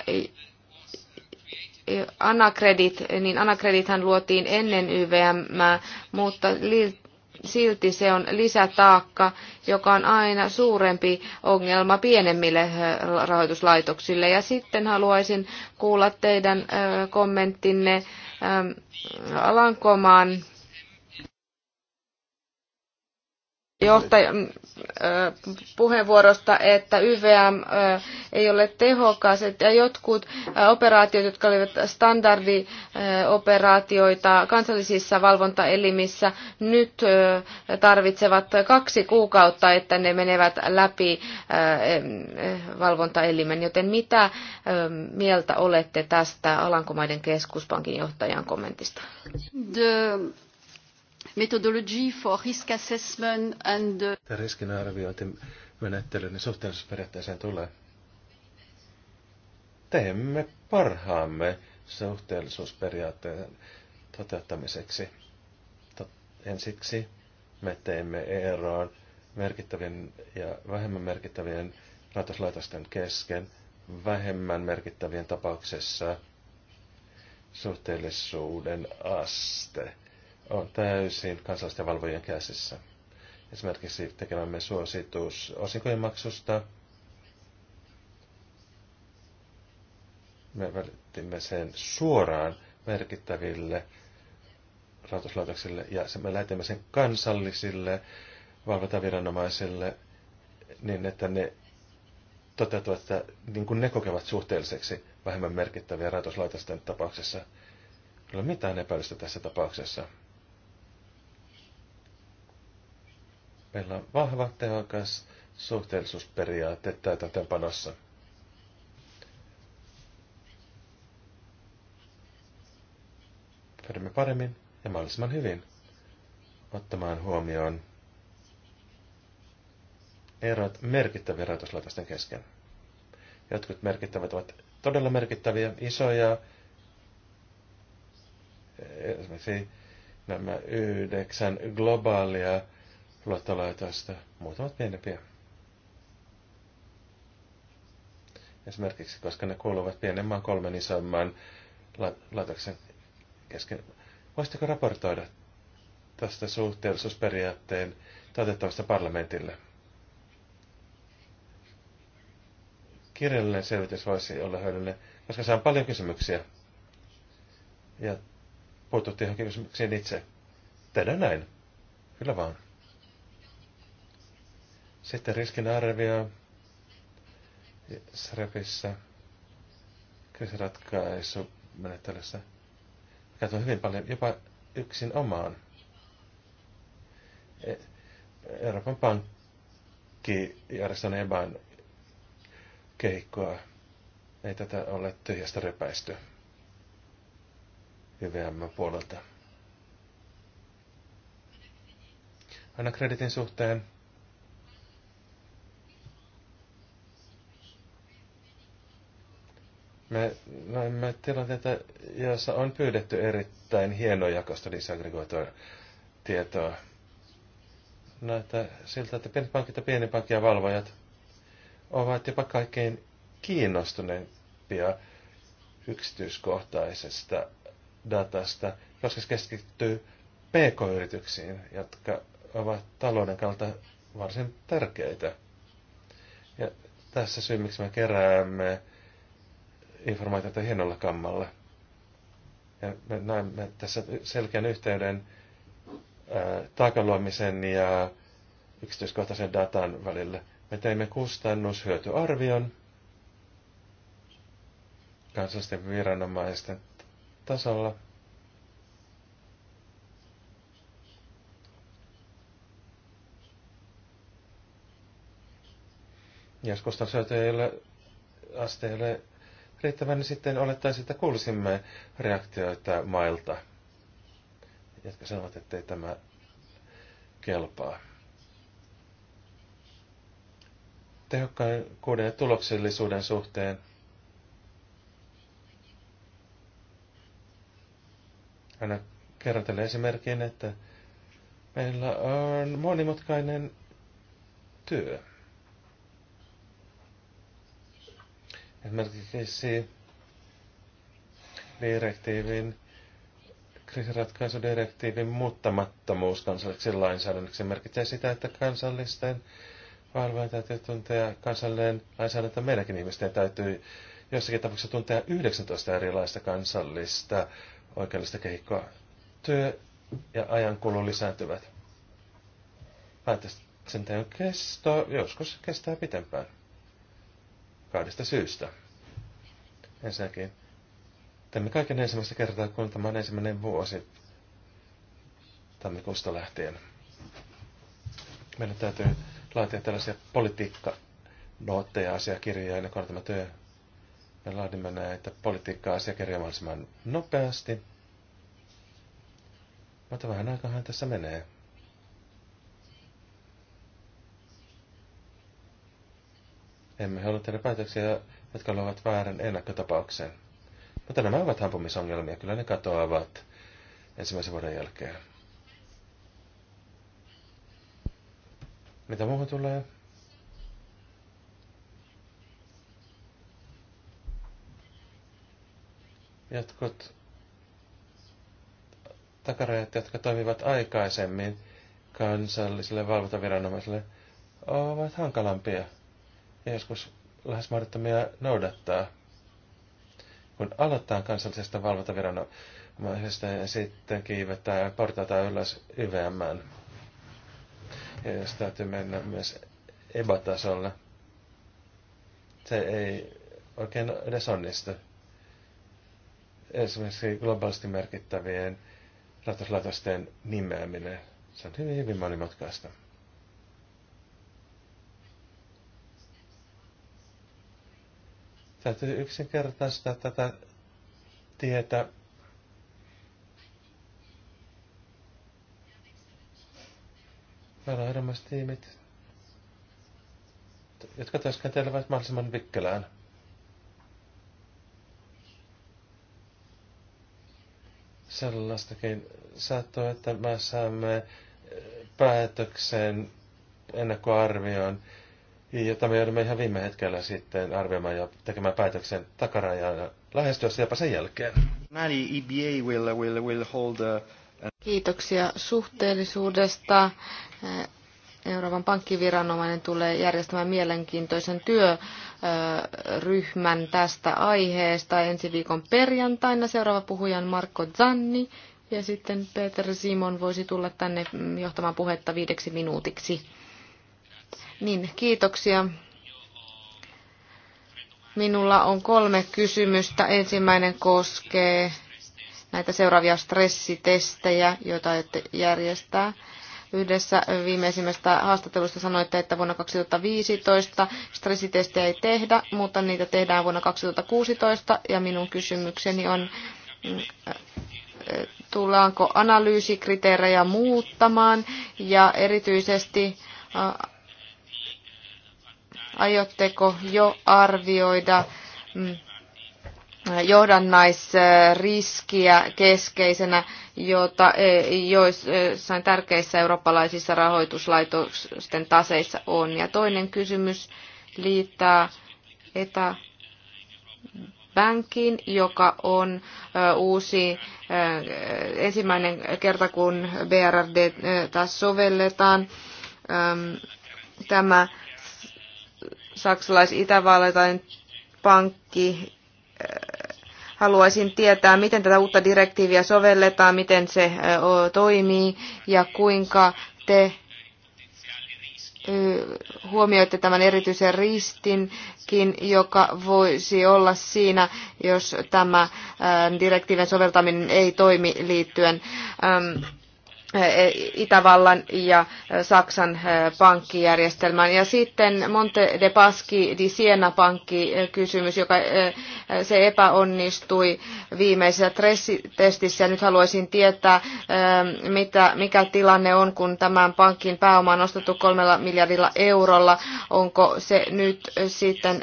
Anakredit, niin Anakredithan luotiin ennen YVM, mutta silti se on lisätaakka, joka on aina suurempi ongelma pienemmille rahoituslaitoksille. Ja sitten haluaisin kuulla teidän kommenttinne Alankomaan johtajan mm, puheenvuorosta, että YVM ei ole tehokas. Ja jotkut operaatiot, jotka olivat standardioperaatioita kansallisissa valvontaelimissä, nyt tarvitsevat kaksi kuukautta, että ne menevät läpi valvontaelimen. Joten mitä mieltä olette tästä Alankomaiden keskuspankin johtajan kommentista? methodology for risk assessment and... Uh, niin tulee. Teemme parhaamme suhteellisuusperiaatteen toteuttamiseksi. Ensiksi me teemme eroon merkittävien ja vähemmän merkittävien ratoslaitosten kesken vähemmän merkittävien tapauksessa suhteellisuuden aste on täysin kansallisten valvojien käsissä. Esimerkiksi tekemämme suositus osinkojen maksusta. Me välittimme sen suoraan merkittäville rahoituslaitoksille ja me lähetimme sen kansallisille valvontaviranomaisille niin, että ne toteutuvat, että niin kuin ne kokevat suhteelliseksi vähemmän merkittäviä rahoituslaitosten tapauksessa. Kyllä mitään epäilystä tässä tapauksessa. Meillä on vahva, tehokas suhteellisuusperiaate täytäntöönpanossa. Pyrimme paremmin ja mahdollisimman hyvin ottamaan huomioon erot merkittävien rajoituslaitosten kesken. Jotkut merkittävät ovat todella merkittäviä, isoja, esimerkiksi nämä yhdeksän globaalia luottolaitoista, muutamat pienempiä. Esimerkiksi, koska ne kuuluvat pienemmän kolmen isomman laitoksen kesken. Voisitteko raportoida tästä suhteellisuusperiaatteen toteuttamista parlamentille? Kirjallinen selvitys voisi olla hyödyllinen, koska saan paljon kysymyksiä. Ja puututtiin johonkin kysymyksiin itse. Tehdään näin. Kyllä vaan. Sitten riskinarvio SREPissä, kriisiratkaisumenettelyssä. Käytän hyvin paljon, jopa yksin omaan. E, Euroopan pankkijärjestön EBAN kehikkoa. Ei tätä ole tyhjästä repäisty YVM puolelta. Aina kreditin suhteen Me me tilanteita, joissa on pyydetty erittäin jakosta disaggregoitua tietoa. että siltä, että pienet pankit ja ja valvojat ovat jopa kaikkein kiinnostuneimpia yksityiskohtaisesta datasta, koska se keskittyy pk-yrityksiin, jotka ovat talouden kannalta varsin tärkeitä. Ja tässä syy, miksi me keräämme informaatiota hienolla kammalla. Ja me näemme tässä selkeän yhteyden taakaluomisen ja yksityiskohtaisen datan välillä. Me teimme kustannushyötyarvion kansallisten viranomaisten tasolla. Jos kustannushyötyä ei ole, asteelle riittävän, niin sitten olettaisiin, että kuulisimme reaktioita mailta, jotka sanovat, että ei tämä kelpaa. kuuden ja tuloksellisuuden suhteen aina kerron tälle esimerkin, että meillä on monimutkainen työ. Esimerkiksi direktiivin, kriisiratkaisudirektiivin muuttamattomuus kansalliseksi lainsäädännöksi merkitsee sitä, että kansallisten valvojen täytyy tuntea kansallinen lainsäädäntö. Meidänkin ihmisten täytyy jossakin tapauksessa tuntea 19 erilaista kansallista oikeudellista kehikkoa. Työ ja ajankulu lisääntyvät. Päätöksenteon kesto joskus kestää pitempään kahdesta syystä. Ensinnäkin, teemme kaiken ensimmäistä kertaa, kun tämä on ensimmäinen vuosi tammikuusta lähtien. Meidän täytyy laatia tällaisia politiikka-nootteja, asiakirjoja ennen kuin tämä työ. Me laadimme näitä politiikka-asiakirjoja mahdollisimman nopeasti. Mutta vähän aikahan tässä menee. Emme halua tehdä päätöksiä, jotka luovat väärän ennakkotapauksen. Mutta nämä ovat hampumisongelmia, kyllä ne katoavat ensimmäisen vuoden jälkeen. Mitä muuhun tulee? Jotkut takarajat, jotka toimivat aikaisemmin kansallisille valvontaviranomaisille, ovat hankalampia ja joskus lähes mahdottomia noudattaa. Kun aloittaa kansallisesta valvontaviranomaisesta ja niin sitten kiivetään portaita ylös YVM. Ja jos täytyy mennä myös EBA-tasolle, se ei oikein edes onnistu. Esimerkiksi globaalisti merkittävien ratoslaitosten nimeäminen. Se on hyvin, hyvin monimutkaista. Täytyy yksinkertaistaa tätä tietä. Meillä on erilaiset tiimit, jotka työskentelevät mahdollisimman vikkelään. sellaistakin saattoi, että me saamme päätöksen ennakkoarvioon jota me joudumme ihan viime hetkellä sitten arvioimaan ja tekemään päätöksen lähestyä se jopa sen jälkeen. E uh, Kiitoksia suhteellisuudesta. Euroopan pankkiviranomainen tulee järjestämään mielenkiintoisen työryhmän tästä aiheesta ensi viikon perjantaina. Seuraava puhuja on Marko Zanni ja sitten Peter Simon voisi tulla tänne johtamaan puhetta viideksi minuutiksi. Niin, kiitoksia. Minulla on kolme kysymystä. Ensimmäinen koskee näitä seuraavia stressitestejä, joita ette järjestää. Yhdessä viimeisimmästä haastattelusta sanoitte, että vuonna 2015 stressitestejä ei tehdä, mutta niitä tehdään vuonna 2016. Ja minun kysymykseni on, mm, äh, tullaanko analyysikriteerejä muuttamaan ja erityisesti äh, Aiotteko jo arvioida mm, johdannaisriskiä keskeisenä, jota e, joissain tärkeissä eurooppalaisissa rahoituslaitosten taseissa on. Ja toinen kysymys liittää etä Bankin, joka on uusi ensimmäinen kerta, kun BRD taas sovelletaan. Tämä saksalais-itävaltain pankki. Äh, haluaisin tietää, miten tätä uutta direktiiviä sovelletaan, miten se äh, toimii ja kuinka te äh, huomioitte tämän erityisen ristinkin, joka voisi olla siinä, jos tämä direktiivin soveltaminen ei toimi liittyen E, Itävallan ja Saksan pankkijärjestelmään. Ja sitten Monte de Paschi di Siena pankkikysymys, joka se epäonnistui viimeisessä stressitestissä. Nyt haluaisin tietää, mitä, mikä tilanne on, kun tämän pankin pääoma on nostettu kolmella miljardilla eurolla. Onko se nyt sitten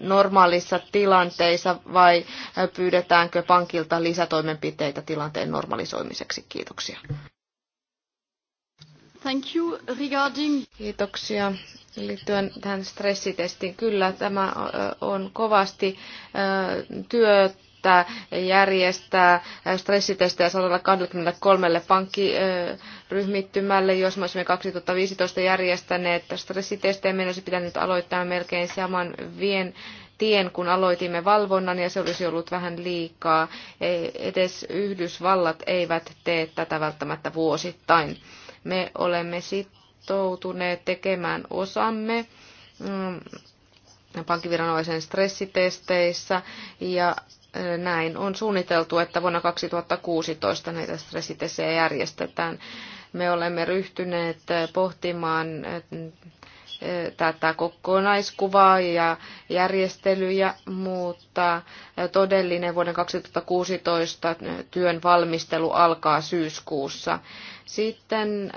normaalissa tilanteissa vai pyydetäänkö pankilta lisätoimenpiteitä tilanteen normalisoimiseksi? Kiitos. Kiitoksia. Thank you regarding... Kiitoksia liittyen tähän stressitestiin. Kyllä tämä on kovasti työtä järjestää stressitestejä 123 pankkiryhmittymälle. Jos me olisimme 2015 järjestäneet stressitestejä, meidän olisi pitänyt aloittaa melkein saman vien tien, kun aloitimme valvonnan ja se olisi ollut vähän liikaa. E, edes Yhdysvallat eivät tee tätä välttämättä vuosittain. Me olemme sitoutuneet tekemään osamme mm, pankkiviranomaisen stressitesteissä ja e, näin on suunniteltu, että vuonna 2016 näitä stressitesejä järjestetään. Me olemme ryhtyneet e, pohtimaan tätä kokonaiskuvaa ja järjestelyjä, mutta todellinen vuoden 2016 työn valmistelu alkaa syyskuussa. Sitten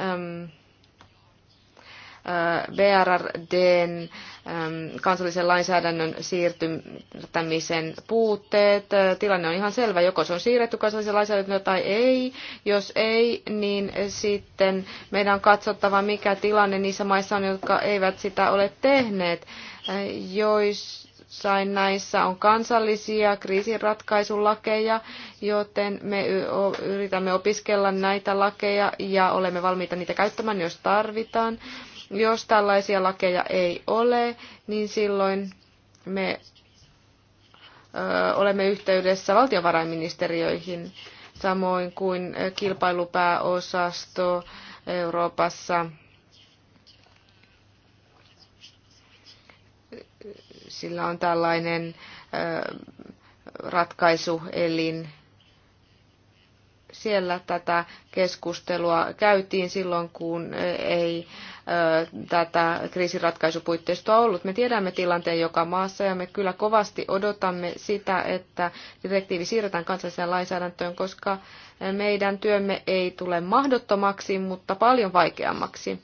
BRDn ähm, kansallisen lainsäädännön siirtymisen puutteet. Äh, tilanne on ihan selvä, joko se on siirretty kansallisen lainsäädäntöön tai ei. Jos ei, niin sitten meidän on katsottava, mikä tilanne niissä maissa on, jotka eivät sitä ole tehneet. Äh, joissain näissä on kansallisia kriisinratkaisulakeja, joten me yritämme opiskella näitä lakeja ja olemme valmiita niitä käyttämään, jos tarvitaan. Jos tällaisia lakeja ei ole, niin silloin me olemme yhteydessä valtiovarainministeriöihin, samoin kuin kilpailupääosasto Euroopassa. Sillä on tällainen ratkaisuelin siellä tätä keskustelua käytiin silloin, kun ei tätä kriisiratkaisupuitteistoa ollut. Me tiedämme tilanteen joka maassa ja me kyllä kovasti odotamme sitä, että direktiivi siirretään kansalliseen lainsäädäntöön, koska meidän työmme ei tule mahdottomaksi, mutta paljon vaikeammaksi.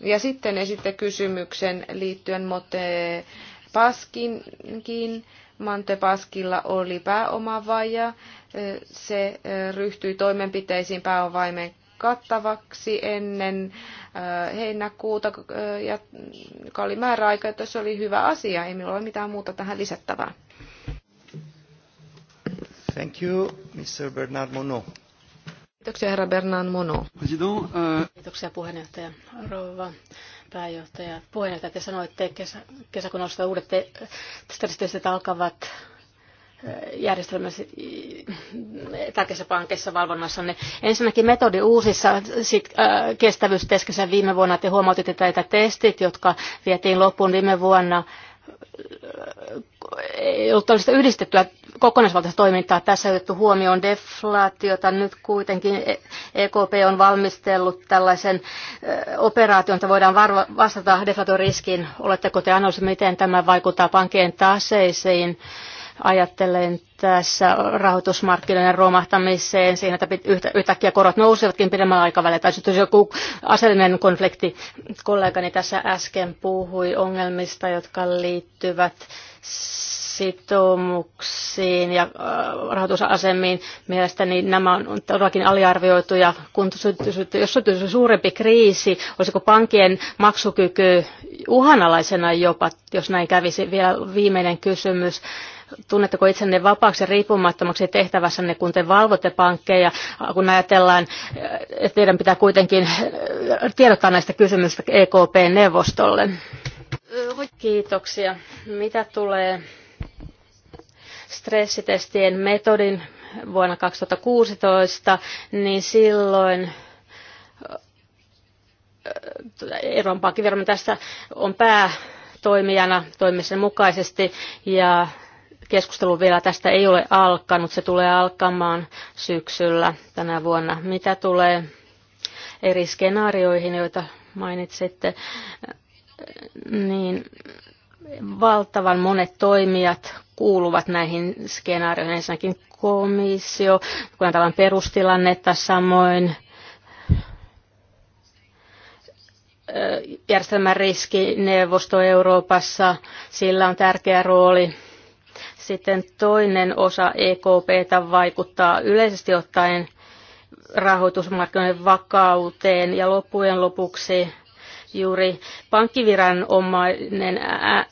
Ja sitten esitte kysymyksen liittyen Mote Paskinkin Mantepaskilla oli pääomavaja. Se ryhtyi toimenpiteisiin pääomavaimen kattavaksi ennen heinäkuuta, joka oli määräaika, että se oli hyvä asia. Ei minulla ole mitään muuta tähän lisättävää. Thank you, Mr. Bernard Monod. Kiitoksia, herra Bernard Monod. Euh, Kiitoksia, puheenjohtaja Rova pääjohtaja, puheenjohtaja, te sanoitte kesä, kesäkuun alusta uudet stressitestit alkavat eh, järjestelmässä eh, tärkeissä pankeissa valvonnassa. Ensinnäkin metodi uusissa sit, äh, eh, kestävyysteskissä viime vuonna te huomautitte näitä testit, jotka vietiin loppuun viime vuonna ei ollut yhdistettyä kokonaisvaltaista toimintaa. Tässä on otettu huomioon deflaatiota nyt kuitenkin EKP on valmistellut tällaisen operaation, että voidaan vastata deflatoriskiin. Oletteko te analysoineet, miten tämä vaikuttaa pankkien taseisiin? Ajattelen tässä rahoitusmarkkinoiden romahtamiseen siinä, että yhtä, yhtäkkiä korot nousevatkin pidemmällä aikavälillä. Tai sitten joku aseellinen konflikti. Kollegani tässä äsken puhui ongelmista, jotka liittyvät sitoumuksiin ja äh, rahoitusasemiin. Mielestäni nämä on todellakin aliarvioitu ja kun jos syntyisi suurempi kriisi, olisiko pankkien maksukyky uhanalaisena jopa, jos näin kävisi? Vielä viimeinen kysymys tunnetteko itsenne vapaaksi ja riippumattomaksi tehtävässänne, kun te valvotte pankkeja, kun ajatellaan, että teidän pitää kuitenkin äh, tiedottaa näistä kysymyksistä EKP-neuvostolle? Kiitoksia. Mitä tulee stressitestien metodin vuonna 2016, niin silloin äh, Euroopan pankkivirma tässä on päätoimijana toimisen mukaisesti ja keskustelu vielä tästä ei ole alkanut. Se tulee alkamaan syksyllä tänä vuonna. Mitä tulee eri skenaarioihin, joita mainitsitte, niin valtavan monet toimijat kuuluvat näihin skenaarioihin. Ensinnäkin komissio, kun ajatellaan perustilannetta, samoin järjestelmän riskineuvosto Euroopassa, sillä on tärkeä rooli. Sitten toinen osa EKPtä vaikuttaa yleisesti ottaen rahoitusmarkkinoiden vakauteen ja loppujen lopuksi juuri pankkiviranomainen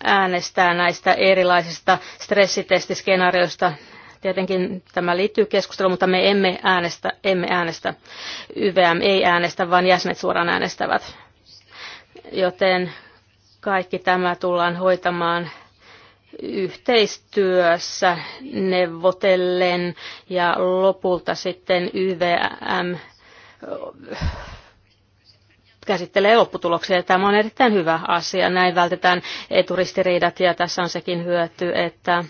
äänestää näistä erilaisista stressitestiskenaarioista. Tietenkin tämä liittyy keskusteluun, mutta me emme äänestä, emme äänestä. YVM ei äänestä, vaan jäsenet suoraan äänestävät. Joten kaikki tämä tullaan hoitamaan yhteistyössä neuvotellen ja lopulta sitten YVM käsittelee lopputuloksia. Tämä on erittäin hyvä asia. Näin vältetään eturistiriidat ja tässä on sekin hyöty, että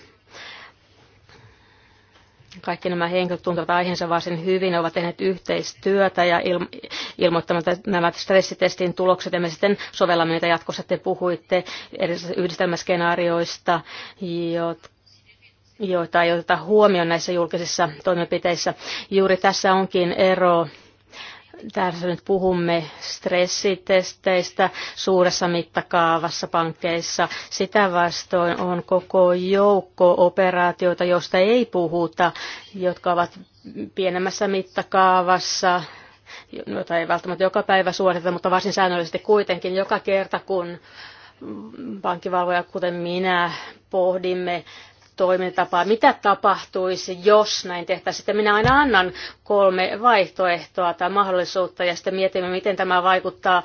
kaikki nämä henkilöt tuntevat aiheensa varsin hyvin, ne ovat tehneet yhteistyötä ja ilmoittamatta nämä stressitestin tulokset ja me sitten sovellamme niitä jatkossa. Te puhuitte eri yhdistelmäskenaarioista, joita ei oteta huomioon näissä julkisissa toimenpiteissä. Juuri tässä onkin ero tässä nyt puhumme stressitesteistä suuressa mittakaavassa pankkeissa. Sitä vastoin on koko joukko operaatioita, joista ei puhuta, jotka ovat pienemmässä mittakaavassa, joita ei välttämättä joka päivä suoriteta, mutta varsin säännöllisesti kuitenkin joka kerta, kun pankkivalvoja, kuten minä, pohdimme toimintatapaa. Mitä tapahtuisi, jos näin tehtäisiin? Sitten minä aina annan kolme vaihtoehtoa tai mahdollisuutta ja sitten mietimme, miten tämä vaikuttaa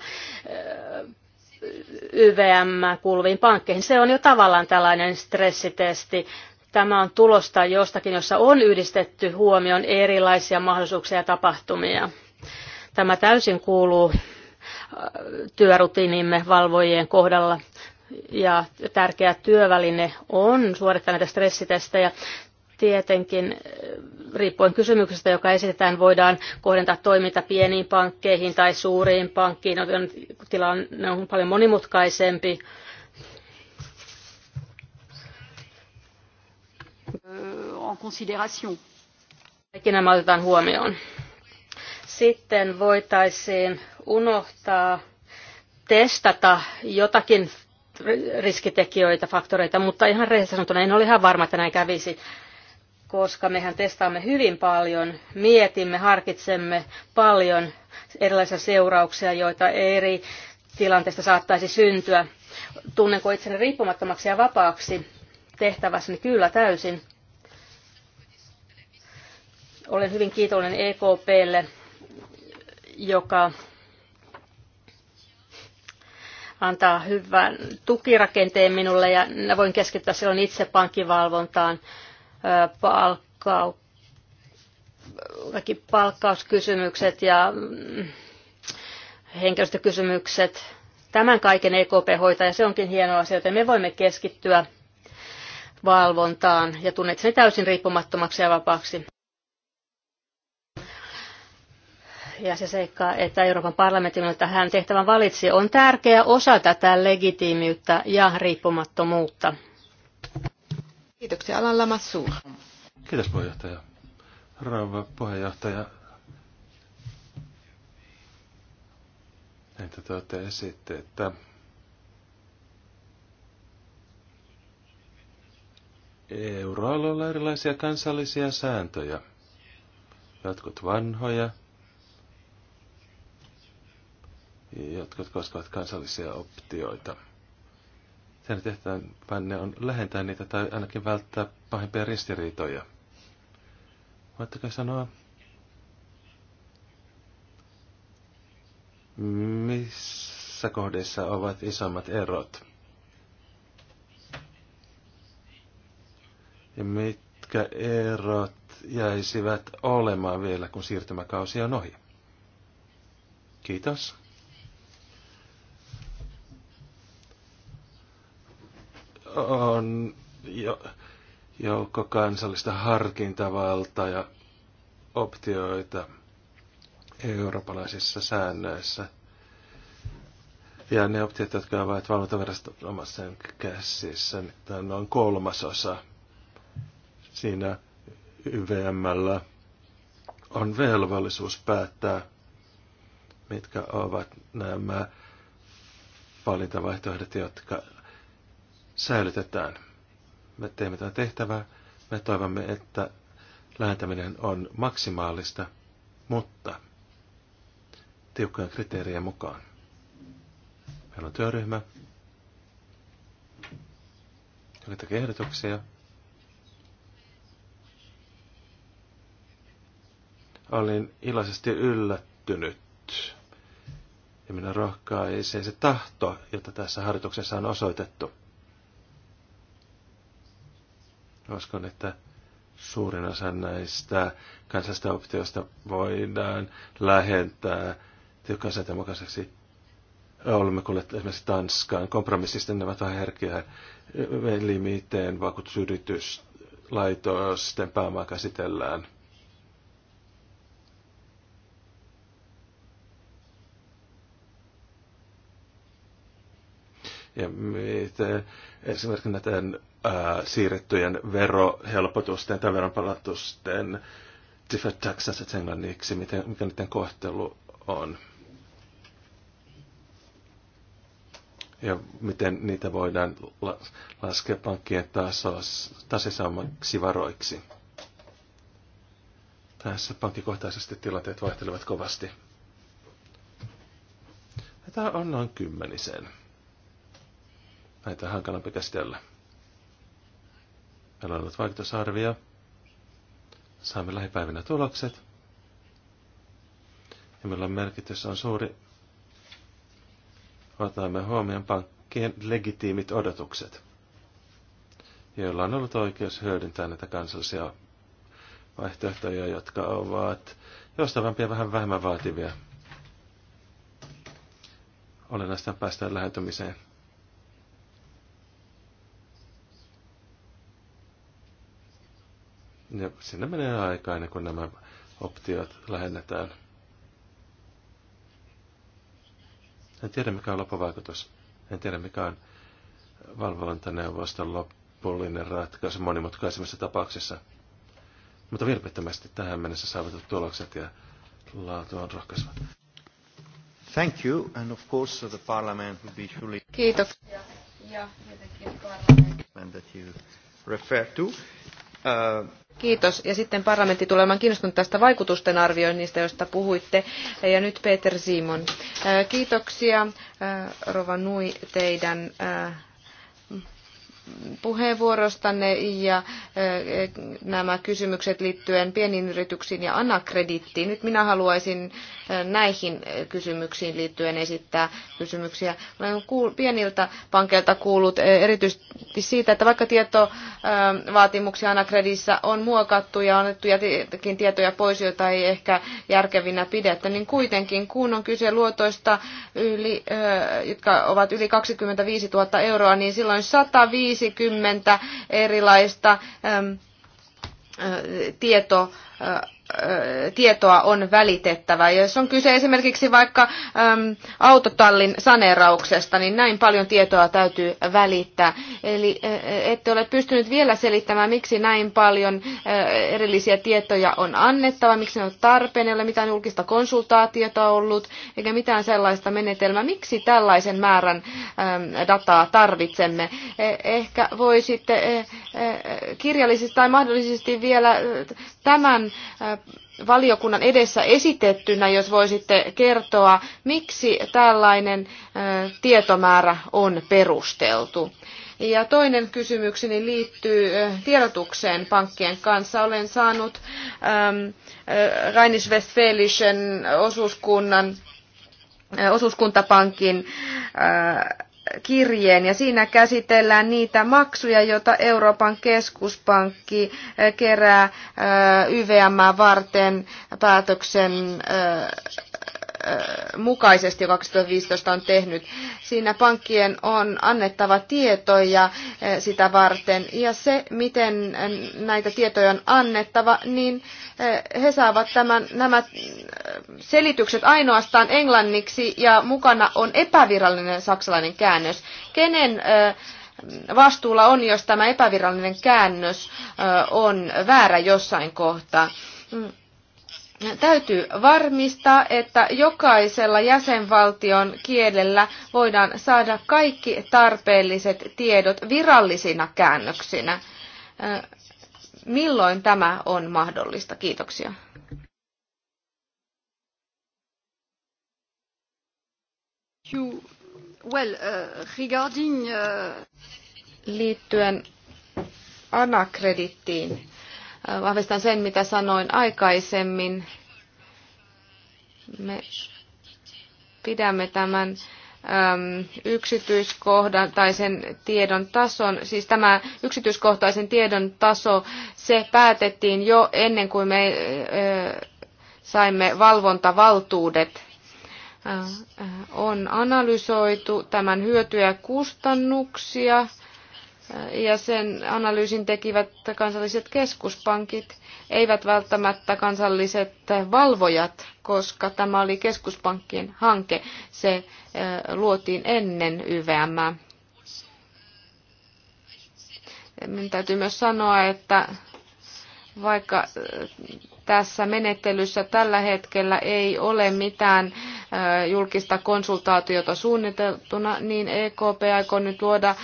YVM kuuluviin pankkeihin. Se on jo tavallaan tällainen stressitesti. Tämä on tulosta jostakin, jossa on yhdistetty huomioon erilaisia mahdollisuuksia ja tapahtumia. Tämä täysin kuuluu työrutiinimme valvojien kohdalla ja tärkeä työväline on suorittaa näitä stressitestejä. Tietenkin eh, riippuen kysymyksestä, joka esitetään, voidaan kohdentaa toiminta pieniin pankkeihin tai suuriin pankkiin. Tilanne on paljon monimutkaisempi. Eh, en consideration. Kaikki nämä otetaan huomioon. Sitten voitaisiin unohtaa testata jotakin riskitekijöitä, faktoreita, mutta ihan rehellisesti sanottuna en ole ihan varma, että näin kävisi, koska mehän testaamme hyvin paljon, mietimme, harkitsemme paljon erilaisia seurauksia, joita eri tilanteista saattaisi syntyä. Tunnenko itseni riippumattomaksi ja vapaaksi tehtävässäni? Kyllä, täysin. Olen hyvin kiitollinen EKPlle, joka antaa hyvän tukirakenteen minulle ja voin keskittää silloin itse pankkivalvontaan, palkkau, kaikki palkkauskysymykset ja mm, henkilöstökysymykset. Tämän kaiken EKP hoitaa ja se onkin hieno asia, joten me voimme keskittyä valvontaan ja tunnet sen täysin riippumattomaksi ja vapaaksi. ja se seikka, että Euroopan parlamentin, että hän tehtävän valitsi, on tärkeä osa tätä legitiimiyttä ja riippumattomuutta. Kiitoksia Alan Lamassu. Kiitos puheenjohtaja. rauva puheenjohtaja. Entä te olette esitte, että euroalueella erilaisia kansallisia sääntöjä. Jotkut vanhoja, jotkut koskevat kansallisia optioita. Sen tehtävänne on lähentää niitä tai ainakin välttää pahimpia ristiriitoja. Voitteko sanoa, missä kohdissa ovat isommat erot? Ja mitkä erot jäisivät olemaan vielä, kun siirtymäkausi on ohi? Kiitos. on jo, joukko kansallista harkintavaltaa ja optioita eurooppalaisissa säännöissä. Ja ne optiot, jotka ovat valvontaviranomaisen käsissä, niin tämä on noin kolmasosa. Siinä YVMllä on velvollisuus päättää, mitkä ovat nämä valintavaihtoehdot, jotka säilytetään. Me teemme tätä tehtävää. Me toivomme, että lähentäminen on maksimaalista, mutta tiukkojen kriteerien mukaan. Meillä on työryhmä, joka tekee ehdotuksia. Olin iloisesti yllättynyt ja minä rohkaisin se tahto, jota tässä harjoituksessa on osoitettu – Uskon, että suurin osa näistä kansallista optioista voidaan lähentää tiukkaan mukaiseksi. Olemme kuulleet esimerkiksi Tanskaan kompromissista, ne ovat vähän herkkiä limiteen vakuutusyrityslaitosten pääomaa käsitellään. Ja miten esimerkiksi näiden siirrettyjen verohelpotusten tai veronpalautusten different taxes englanniksi, miten, mikä niiden kohtelu on. Ja miten niitä voidaan laskea pankkien tasaisemmaksi varoiksi. Tässä pankkikohtaisesti tilanteet vaihtelevat kovasti. Tämä on noin kymmenisen. Näitä on hankalampi käsitellä. Meillä on vaikutusarvio. Saamme lähipäivinä tulokset. Ja meillä on merkitys on suuri. Otamme huomioon pankkien legitiimit odotukset, joilla on ollut oikeus hyödyntää näitä kansallisia vaihtoehtoja, jotka ovat joustavampia vähän vähemmän vaativia. Olennaista päästään lähetymiseen. Ja sinne menee aikaa ennen kuin nämä optiot lähennetään. En tiedä mikä on loppuvaikutus. En tiedä mikä on valvontaneuvoston lopullinen ratkaisu monimutkaisemmissa tapauksissa. Mutta vilpittömästi tähän mennessä saavutut tulokset ja laatu on rohkaisevat. Thank you, and of course the parliament will be truly... Kiitos. Ja, ja, that you refer to. Kiitos. Ja sitten parlamentti tulee olemaan kiinnostunut tästä vaikutusten arvioinnista, josta puhuitte. Ja nyt Peter Simon. Äh, kiitoksia, äh, Rova Nui, teidän äh, puheenvuorostanne ja eh, nämä kysymykset liittyen pieniin yrityksiin ja anakredittiin. Nyt minä haluaisin eh, näihin kysymyksiin liittyen esittää kysymyksiä. Olen pieniltä pankeilta kuullut eh, erityisesti siitä, että vaikka tietovaatimuksia anakredissa on muokattu ja annettu jotakin tietoja pois, joita ei ehkä järkevinä pidetä, niin kuitenkin kun on kyse luotoista, yli, jotka ovat yli 25 000 euroa, niin silloin 105 150 erilaista tietoa tietoa on välitettävä. jos on kyse esimerkiksi vaikka äm, autotallin saneerauksesta, niin näin paljon tietoa täytyy välittää. Eli ette ole pystynyt vielä selittämään, miksi näin paljon erillisiä tietoja on annettava, miksi ne on tarpeen, ei ole mitään julkista konsultaatiota ollut, eikä mitään sellaista menetelmää. Miksi tällaisen määrän ä, dataa tarvitsemme? E, ehkä voisitte ä, e, e, kirjallisesti tai mahdollisesti vielä tämän ä, valiokunnan edessä esitettynä, jos voisitte kertoa, miksi tällainen tietomäärä on perusteltu. Ja toinen kysymykseni liittyy tiedotukseen pankkien kanssa. Olen saanut ähm, westfälischen osuuskunnan osuuskuntapankin kirjeen ja siinä käsitellään niitä maksuja, joita Euroopan keskuspankki eh, kerää eh, YVM varten päätöksen eh, mukaisesti, joka 2015 on tehnyt. Siinä pankkien on annettava tietoja eh, sitä varten ja se, miten eh, näitä tietoja on annettava, niin eh, he saavat tämän, nämä selitykset ainoastaan englanniksi ja mukana on epävirallinen saksalainen käännös. Kenen vastuulla on, jos tämä epävirallinen käännös on väärä jossain kohtaa? Mm. Täytyy varmistaa, että jokaisella jäsenvaltion kielellä voidaan saada kaikki tarpeelliset tiedot virallisina käännöksinä. Milloin tämä on mahdollista? Kiitoksia. You, well, uh, regarding, uh... Liittyen anakredittiin Vahvistan sen, mitä sanoin aikaisemmin. Me pidämme tämän yksityiskohdan tai sen tiedon tason, siis tämä yksityiskohtaisen tiedon taso, se päätettiin jo ennen kuin me äh, saimme valvontavaltuudet. Äh, äh, on analysoitu tämän hyötyjä kustannuksia ja sen analyysin tekivät kansalliset keskuspankit, eivät välttämättä kansalliset valvojat, koska tämä oli keskuspankkien hanke. Se luotiin ennen YVM. Minun täytyy myös sanoa, että vaikka äh, tässä menettelyssä tällä hetkellä ei ole mitään äh, julkista konsultaatiota suunniteltuna, niin EKP aikoo nyt luoda äh,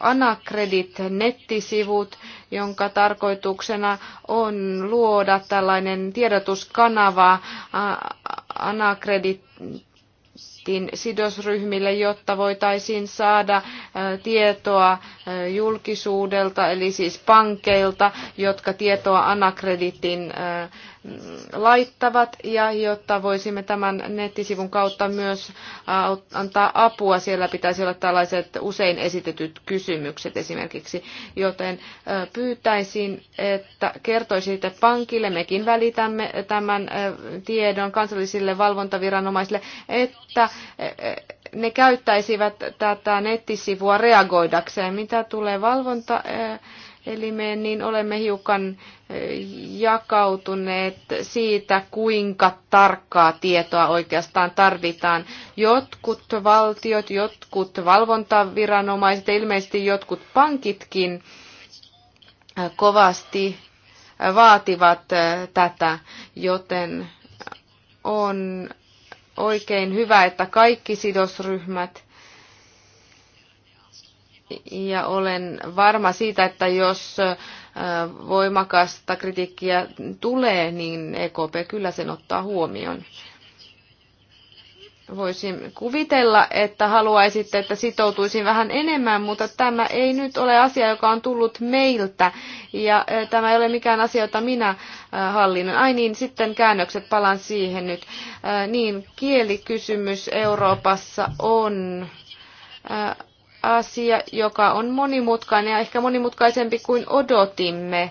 AnaCredit nettisivut jonka tarkoituksena on luoda tällainen tiedotuskanava AnaCredit esitettiin sidosryhmille, jotta voitaisiin saada äh, tietoa äh, julkisuudelta, eli siis pankeilta, jotka tietoa Anakreditin äh, Mm, laittavat ja jotta voisimme tämän nettisivun kautta myös antaa apua, siellä pitäisi olla tällaiset usein esitetyt kysymykset esimerkiksi, joten pyytäisin, että kertoisitte pankille, mekin välitämme tämän tiedon kansallisille valvontaviranomaisille, että ne käyttäisivät tätä nettisivua reagoidakseen, mitä tulee valvonta elimeen, niin olemme hiukan jakautuneet siitä, kuinka tarkkaa tietoa oikeastaan tarvitaan. Jotkut valtiot, jotkut valvontaviranomaiset ja ilmeisesti jotkut pankitkin kovasti vaativat tätä, joten on oikein hyvä, että kaikki sidosryhmät – ja olen varma siitä, että jos voimakasta kritiikkiä tulee, niin EKP kyllä sen ottaa huomioon. Voisin kuvitella, että haluaisitte, että sitoutuisin vähän enemmän, mutta tämä ei nyt ole asia, joka on tullut meiltä. Ja tämä ei ole mikään asia, jota minä hallinnon. Ai niin, sitten käännökset, palaan siihen nyt. Niin, kielikysymys Euroopassa on asia, joka on monimutkainen ja ehkä monimutkaisempi kuin odotimme.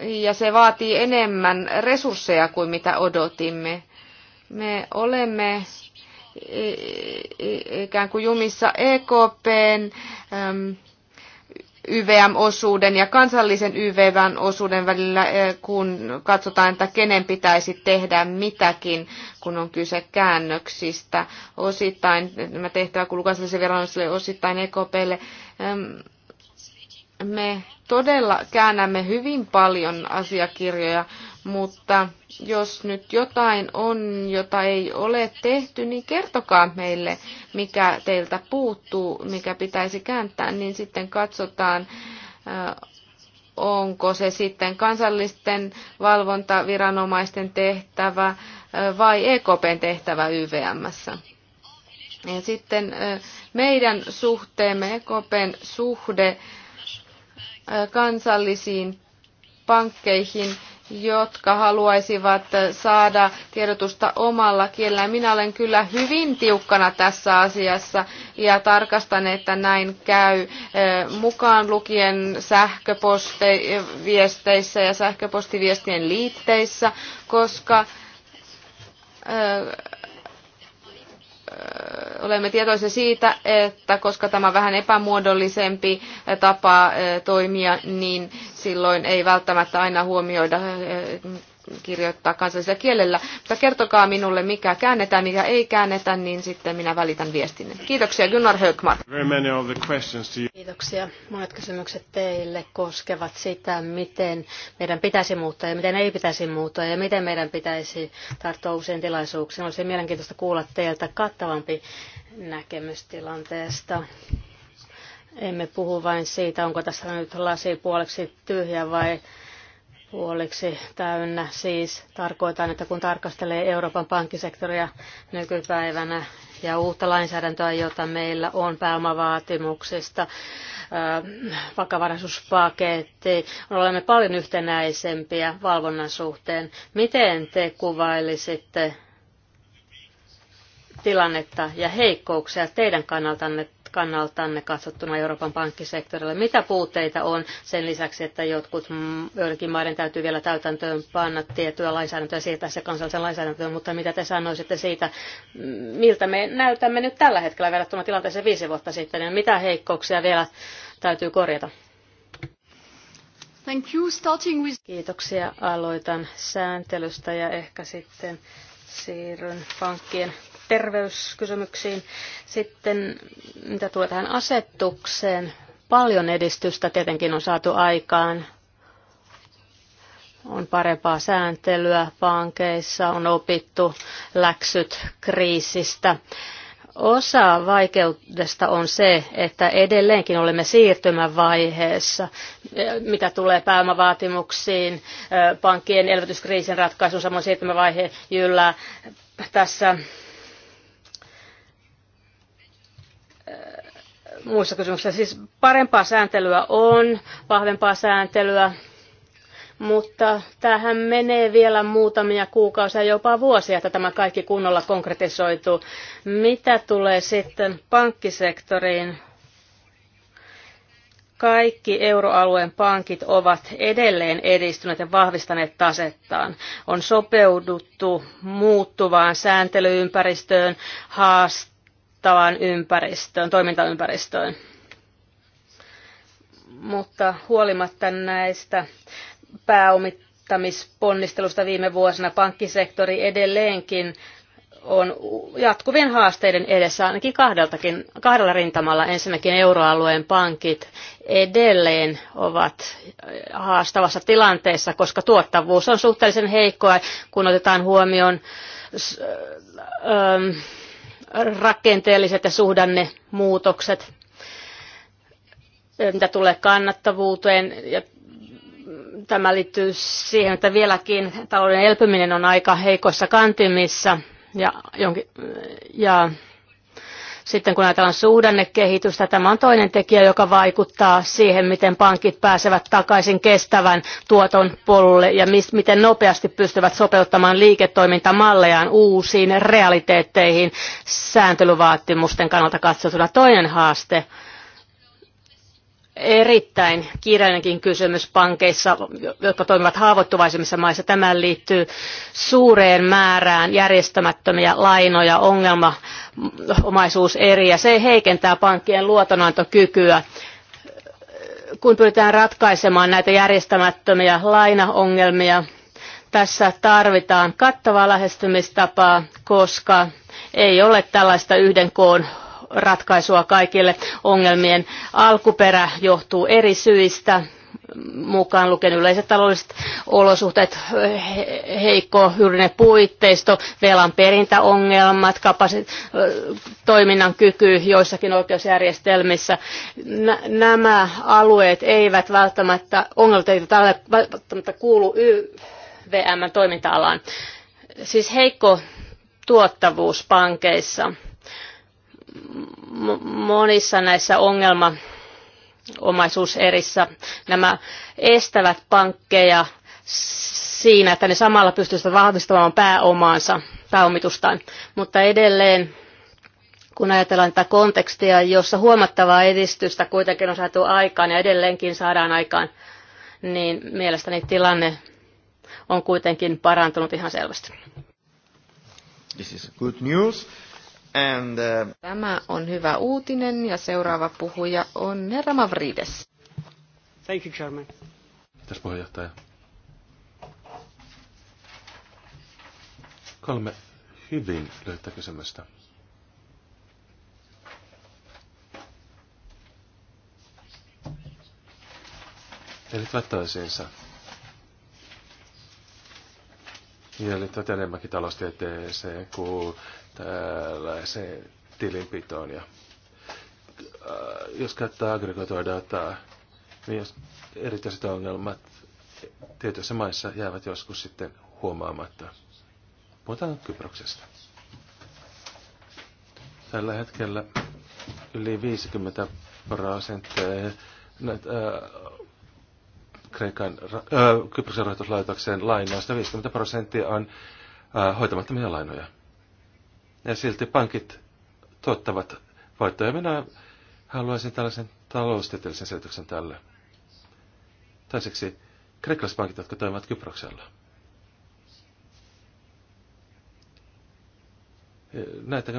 Ja se vaatii enemmän resursseja kuin mitä odotimme. Me olemme ikään kuin jumissa EKPn YVM-osuuden ja kansallisen YVM-osuuden välillä, eh, kun katsotaan, että kenen pitäisi tehdä mitäkin, kun on kyse käännöksistä. Osittain tämä tehtävä kuuluu kansalliselle viranomaiselle, osittain EKPlle. Me todella käännämme hyvin paljon asiakirjoja, mutta jos nyt jotain on, jota ei ole tehty, niin kertokaa meille, mikä teiltä puuttuu, mikä pitäisi kääntää, niin sitten katsotaan, onko se sitten kansallisten valvontaviranomaisten tehtävä vai EKPn tehtävä YVMssä. Ja sitten meidän suhteemme, EKPn suhde kansallisiin pankkeihin, jotka haluaisivat saada tiedotusta omalla kielellä. Minä olen kyllä hyvin tiukkana tässä asiassa ja tarkastan, että näin käy eh, mukaan lukien sähköpostiviesteissä ja sähköpostiviestien liitteissä, koska eh, olemme tietoisia siitä, että koska tämä on vähän epämuodollisempi tapa toimia, niin silloin ei välttämättä aina huomioida kirjoittaa kansallisella kielellä. Mutta kertokaa minulle, mikä käännetään, mikä ei käännetä, niin sitten minä välitän viestinne. Kiitoksia Gunnar Högmark. Kiitoksia. Monet kysymykset teille koskevat sitä, miten meidän pitäisi muuttaa ja miten ei pitäisi muuttaa ja miten meidän pitäisi tarttua uusiin tilaisuuksiin. Olisi mielenkiintoista kuulla teiltä kattavampi näkemys tilanteesta. Emme puhu vain siitä, onko tässä nyt lasi puoleksi tyhjä vai puoliksi täynnä. Siis tarkoitan, että kun tarkastelee Euroopan pankkisektoria nykypäivänä ja uutta lainsäädäntöä, jota meillä on pääomavaatimuksista, vakavaraisuuspaketti, olemme paljon yhtenäisempiä valvonnan suhteen. Miten te kuvailisitte tilannetta ja heikkouksia teidän kannaltanne kannaltanne katsottuna Euroopan pankkisektorilla? Mitä puutteita on sen lisäksi, että jotkut, joidenkin maiden täytyy vielä täytäntöön panna tiettyä lainsäädäntöä siirtää se kansallisen lainsäädäntöön, mutta mitä te sanoisitte siitä, miltä me näytämme nyt tällä hetkellä verrattuna tilanteeseen viisi vuotta sitten, niin mitä heikkouksia vielä täytyy korjata? Thank you, starting with... Kiitoksia. Aloitan sääntelystä ja ehkä sitten siirryn pankkien terveyskysymyksiin. Sitten mitä tulee tähän asetukseen, paljon edistystä tietenkin on saatu aikaan. On parempaa sääntelyä pankeissa, on opittu läksyt kriisistä. Osa vaikeudesta on se, että edelleenkin olemme siirtymävaiheessa, mitä tulee pääomavaatimuksiin, pankkien elvytyskriisin ratkaisun, samoin siirtymävaihe jyllää tässä muissa kysymyksissä. Siis parempaa sääntelyä on, vahvempaa sääntelyä, mutta tähän menee vielä muutamia kuukausia, jopa vuosia, että tämä kaikki kunnolla konkretisoituu. Mitä tulee sitten pankkisektoriin? Kaikki euroalueen pankit ovat edelleen edistyneet ja vahvistaneet tasettaan. On sopeuduttu muuttuvaan sääntelyympäristöön, haasteeseen vaikuttavaan ympäristöön, toimintaympäristöön. Mutta huolimatta näistä pääomittamisponnistelusta viime vuosina pankkisektori edelleenkin on jatkuvien haasteiden edessä ainakin kahdeltakin, kahdella rintamalla. Ensinnäkin euroalueen pankit edelleen ovat äh, haastavassa tilanteessa, koska tuottavuus on suhteellisen heikkoa, kun otetaan huomioon äh, rakenteelliset ja suhdannemuutokset, mitä tulee kannattavuuteen ja tämä liittyy siihen, että vieläkin talouden elpyminen on aika heikoissa kantimissa ja, jonkin, ja sitten kun ajatellaan suhdannekehitystä, tämä on toinen tekijä, joka vaikuttaa siihen, miten pankit pääsevät takaisin kestävän tuoton polulle ja miten nopeasti pystyvät sopeuttamaan liiketoimintamallejaan uusiin realiteetteihin sääntelyvaatimusten kannalta katsottuna. Toinen haaste erittäin kiireinenkin kysymys pankeissa, jotka toimivat haavoittuvaisimmissa maissa. Tämä liittyy suureen määrään järjestämättömiä lainoja, ongelmaomaisuuseriä. Se heikentää pankkien luotonantokykyä. Kun pyritään ratkaisemaan näitä järjestämättömiä lainaongelmia, tässä tarvitaan kattavaa lähestymistapaa, koska ei ole tällaista yhden koon ratkaisua kaikille ongelmien. Alkuperä johtuu eri syistä mukaan lukien yleiset taloudelliset olosuhteet, heikko hyödyllinen puitteisto, velan perintäongelmat, kapasit, toiminnan kyky joissakin oikeusjärjestelmissä. nämä alueet eivät välttämättä, ongelmat eivät välttämättä kuulu yvm toiminta-alaan. Siis heikko tuottavuus pankeissa monissa näissä ongelma omaisuuserissä nämä estävät pankkeja siinä, että ne samalla pystyisivät vahvistamaan pääomaansa, pääomitustaan. Mutta edelleen, kun ajatellaan tätä kontekstia, jossa huomattavaa edistystä kuitenkin on saatu aikaan ja edelleenkin saadaan aikaan, niin mielestäni tilanne on kuitenkin parantunut ihan selvästi. This is good news. And, uh... Tämä on hyvä uutinen ja seuraava puhuja on herra Mavrides. Thank you, Chairman. Kiitos puheenjohtaja. Kolme hyvin lyhyttä kysymystä. Ne liittyvät toisiinsa. Ja liittyvät enemmänkin taloustieteeseen kuin tällaiseen tilinpitoon. Ja, äh, jos käyttää aggregoitua dataa, niin jos erityiset ongelmat tietyissä maissa jäävät joskus sitten huomaamatta. Puhutaan Kyproksesta. Tällä hetkellä yli 50 prosenttia näitä, ää, äh, Kreikan, ää, äh, Kyproksen rahoituslaitokseen lainoista 50 prosenttia on ää, hoitamattomia lainoja ja silti pankit tuottavat voittoja. Minä haluaisin tällaisen taloustieteellisen selityksen tälle. Toiseksi kreikkalaispankit, jotka toimivat Kyproksella. Näitä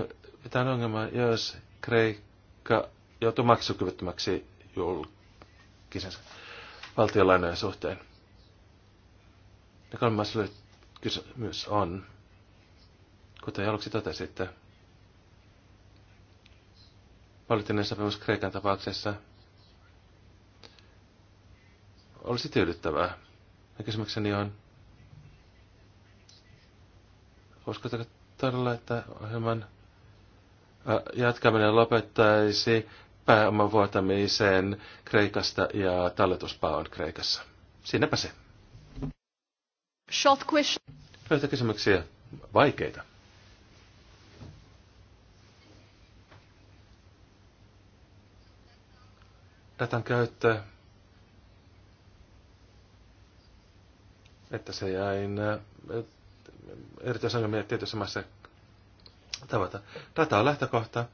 mitään ongelmaa, jos Kreikka joutuu maksukyvyttömäksi julkisen valtionlainojen suhteen? Ja kolmas kysymys on, Kuten aluksi totesitte, poliittinen sopimus Kreikan tapauksessa olisi tyydyttävää. Ja kysymykseni on, uskotteko todella, että ohjelman jatkaminen lopettaisi pääoman vuotamiseen Kreikasta ja talletuspaon Kreikassa? Siinäpä se. Short question. Löytä kysymyksiä. Vaikeita. datan käyttö, että se jäi aina erityisongelmia tietyissä maissa tavata. Data on lähtökohta.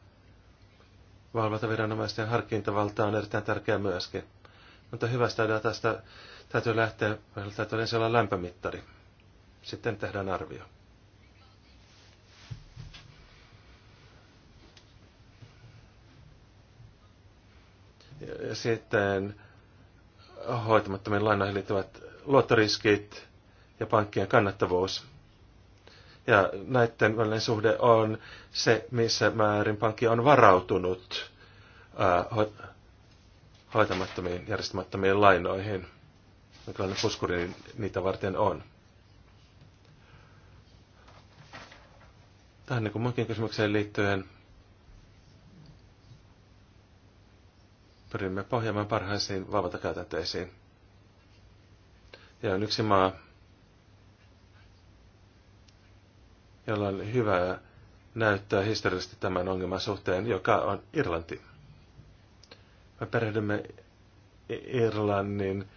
Valvontaviranomaisten harkintavalta on erittäin tärkeä myöskin. Mutta hyvästä datasta täytyy lähteä, täytyy ensin olla lämpömittari. Sitten tehdään arvio. Ja Sitten hoitamattomien lainoihin liittyvät luottoriskit ja pankkien kannattavuus. Ja näiden välinen suhde on se, missä määrin pankki on varautunut hoitamattomiin, järjestämättömiin lainoihin. Minkälainen puskuri niitä varten on. Tähän niin kuin munkin kysymykseen liittyen Pyrimme pohjaamaan parhaisiin valvontakäytänteisiin. Ja on yksi maa, jolla on hyvää näyttää historiallisesti tämän ongelman suhteen, joka on Irlanti. Me perehdymme Irlannin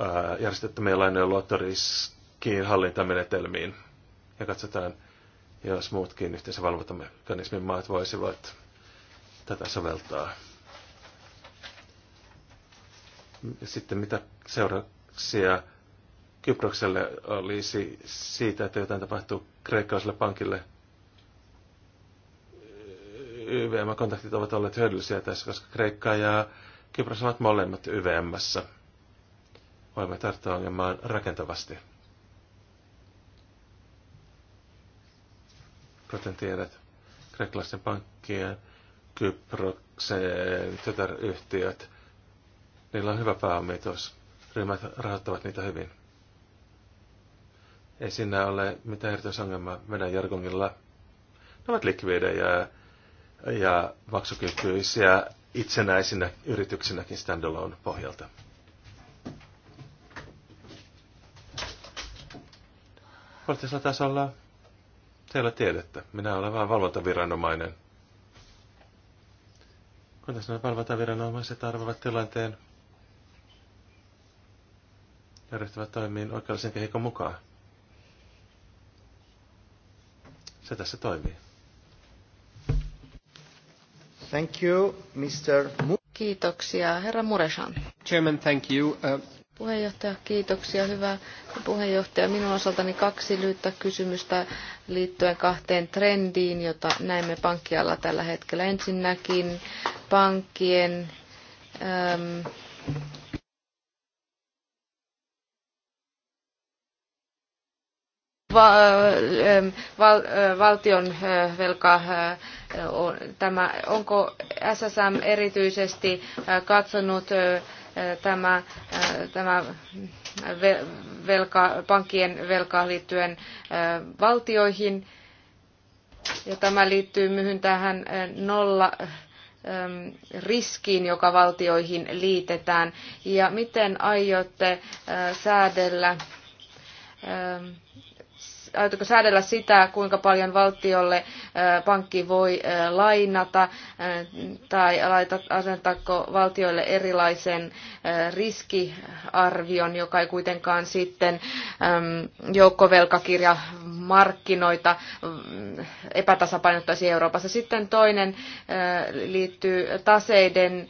äh, järjestettömien lainojen luottoriskiin hallintamenetelmiin ja katsotaan, jos muutkin yhteisen valvontamekanismin maat voisivat tätä soveltaa. Sitten mitä seurauksia Kyprokselle olisi siitä, että jotain tapahtuu kreikkalaiselle pankille? YVM-kontaktit ovat olleet hyödyllisiä tässä, koska Kreikka ja Kypros ovat molemmat YVMssä. Voimme tarttua ongelmaan rakentavasti. Kuten tiedät, kreikkalaisten pankkien Kyproksen tytäryhtiöt Niillä on hyvä pääomitus. Ryhmät rahoittavat niitä hyvin. Ei siinä ole mitään erityisongelmaa meidän jargongilla. Ne ovat likvidejä ja maksukykyisiä itsenäisinä yrityksinäkin standalone pohjalta. Poliittisella tasolla teillä tiedettä. Minä olen vain valvontaviranomainen. Kun tässä valvontaviranomaiset arvovat tilanteen Järjestävä ryhtyvät toimiin oikeallisen kehikon mukaan. Se tässä toimii. Thank you, Mr. Mu- Kiitoksia, herra Mureshan. Chairman, thank you. Uh... Puheenjohtaja, kiitoksia. Hyvä puheenjohtaja. Minun osaltani kaksi lyhyttä kysymystä liittyen kahteen trendiin, jota näemme pankkialla tällä hetkellä. Ensinnäkin pankkien ähm, val, valtion velka, tämä, onko SSM erityisesti katsonut tämä, tämä velka, pankkien velkaa liittyen valtioihin, ja tämä liittyy myhyn tähän nolla riskiin, joka valtioihin liitetään, ja miten aiotte säädellä aiotteko säädellä sitä, kuinka paljon valtiolle pankki voi lainata tai asentaako valtioille erilaisen riskiarvion, joka ei kuitenkaan sitten joukkovelkakirjamarkkinoita mm, epätasapainottaisi Euroopassa. Sitten toinen liittyy taseiden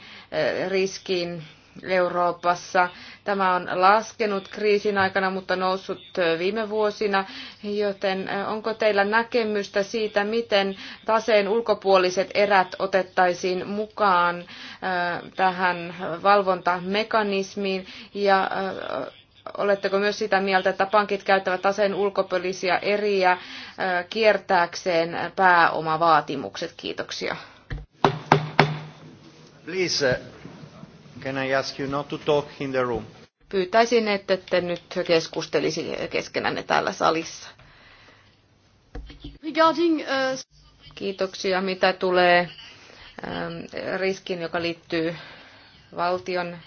riskiin Euroopassa. Tämä on laskenut kriisin aikana, mutta noussut viime vuosina, joten onko teillä näkemystä siitä, miten taseen ulkopuoliset erät otettaisiin mukaan tähän valvontamekanismiin ja Oletteko myös sitä mieltä, että pankit käyttävät taseen ulkopuolisia eriä kiertääkseen pääomavaatimukset? Kiitoksia. Please, uh, Can I ask you not to talk in the room? Pyytäisin, että te nyt keskustelisi keskenänne täällä salissa. Regarding, uh... Kiitoksia, mitä tulee ähm, riskiin, joka liittyy valtion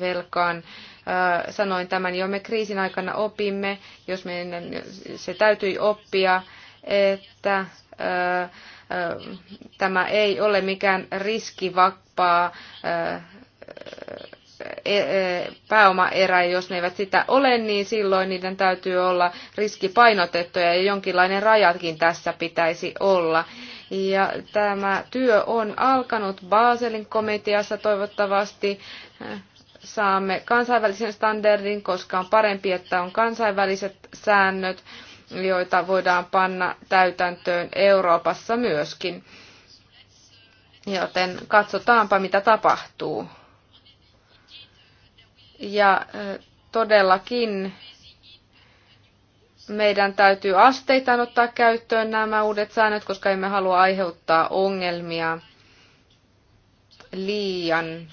velkaan. Äh, sanoin tämän jo, me kriisin aikana opimme, jos meidän se täytyi oppia, että tämä ei ole mikään riskivapaa e, e, pääomaerä, jos ne eivät sitä ole, niin silloin niiden täytyy olla riskipainotettuja ja jonkinlainen rajatkin tässä pitäisi olla. Ja tämä työ on alkanut Baselin komiteassa toivottavasti saamme kansainvälisen standardin, koska on parempi, että on kansainväliset säännöt joita voidaan panna täytäntöön Euroopassa myöskin. Joten katsotaanpa, mitä tapahtuu. Ja todellakin meidän täytyy asteittain ottaa käyttöön nämä uudet säännöt, koska emme halua aiheuttaa ongelmia liian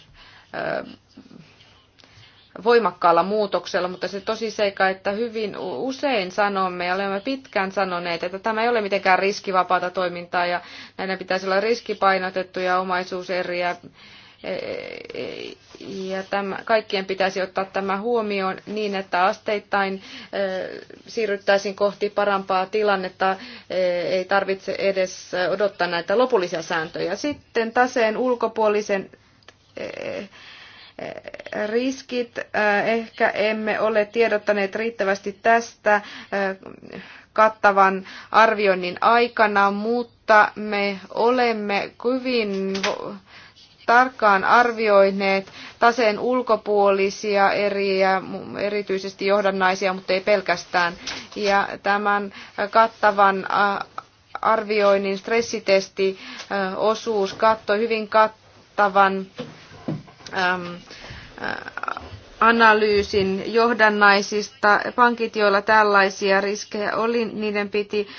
voimakkaalla muutoksella, mutta se tosi seikka, että hyvin usein sanomme ja olemme pitkään sanoneet, että tämä ei ole mitenkään riskivapaata toimintaa ja näiden pitäisi olla riskipainotettuja omaisuuseriä e, e, ja kaikkien pitäisi ottaa tämä huomioon niin, että asteittain e, siirryttäisiin kohti parampaa tilannetta, ei tarvitse edes odottaa näitä lopullisia sääntöjä. Sitten taseen ulkopuolisen riskit. Äh, ehkä emme ole tiedottaneet riittävästi tästä äh, kattavan arvioinnin aikana, mutta me olemme hyvin tarkkaan arvioineet taseen ulkopuolisia eriä, erityisesti johdannaisia, mutta ei pelkästään. Ja tämän kattavan arvioinnin stressitesti osuus kattoi hyvin kattavan Ähm, äh, analyysin johdannaisista. Pankit, joilla tällaisia riskejä oli, niiden piti äh,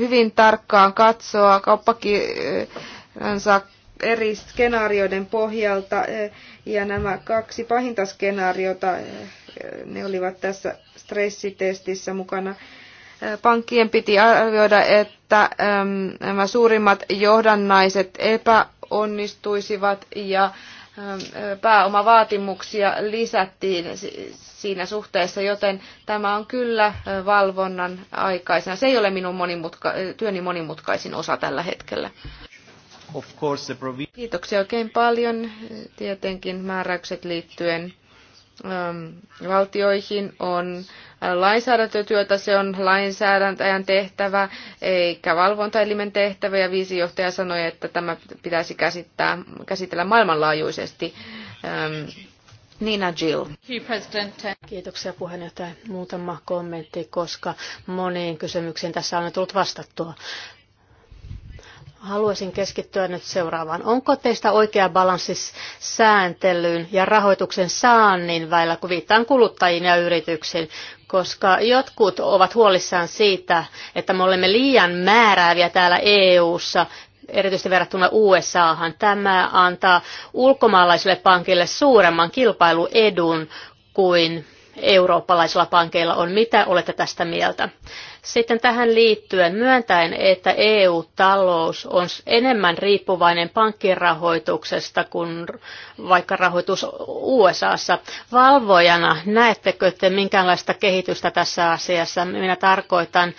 hyvin tarkkaan katsoa kauppakiransa eri skenaarioiden pohjalta. Äh, ja nämä kaksi pahinta skenaariota, ne olivat tässä stressitestissä mukana. Pankkien piti arvioida, että nämä suurimmat johdannaiset epäonnistuisivat ja pääomavaatimuksia lisättiin siinä suhteessa, joten tämä on kyllä valvonnan aikaisena. Se ei ole minun monimutka- työni monimutkaisin osa tällä hetkellä. Kiitoksia oikein paljon. Tietenkin määräykset liittyen Ähm, valtioihin on äh, lainsäädäntötyötä, se on lainsäädäntäjän tehtävä eikä valvontaelimen tehtävä ja viisi johtaja sanoi, että tämä pitäisi käsittää, käsitellä maailmanlaajuisesti. Ähm, Nina Jill. Kiitoksia puheenjohtaja. Muutama kommentti, koska moniin kysymyksiin tässä on tullut vastattua haluaisin keskittyä nyt seuraavaan. Onko teistä oikea balanssi sääntelyyn ja rahoituksen saannin välillä, kun viittaan kuluttajiin ja yrityksiin? Koska jotkut ovat huolissaan siitä, että me olemme liian määrääviä täällä EU-ssa, erityisesti verrattuna USAhan. Tämä antaa ulkomaalaisille pankille suuremman kilpailuedun kuin eurooppalaisilla pankeilla on. Mitä olette tästä mieltä? Sitten tähän liittyen myöntäen, että EU-talous on enemmän riippuvainen pankkirahoituksesta kuin vaikka rahoitus USAssa. Valvojana, näettekö te minkälaista kehitystä tässä asiassa? Minä tarkoitan,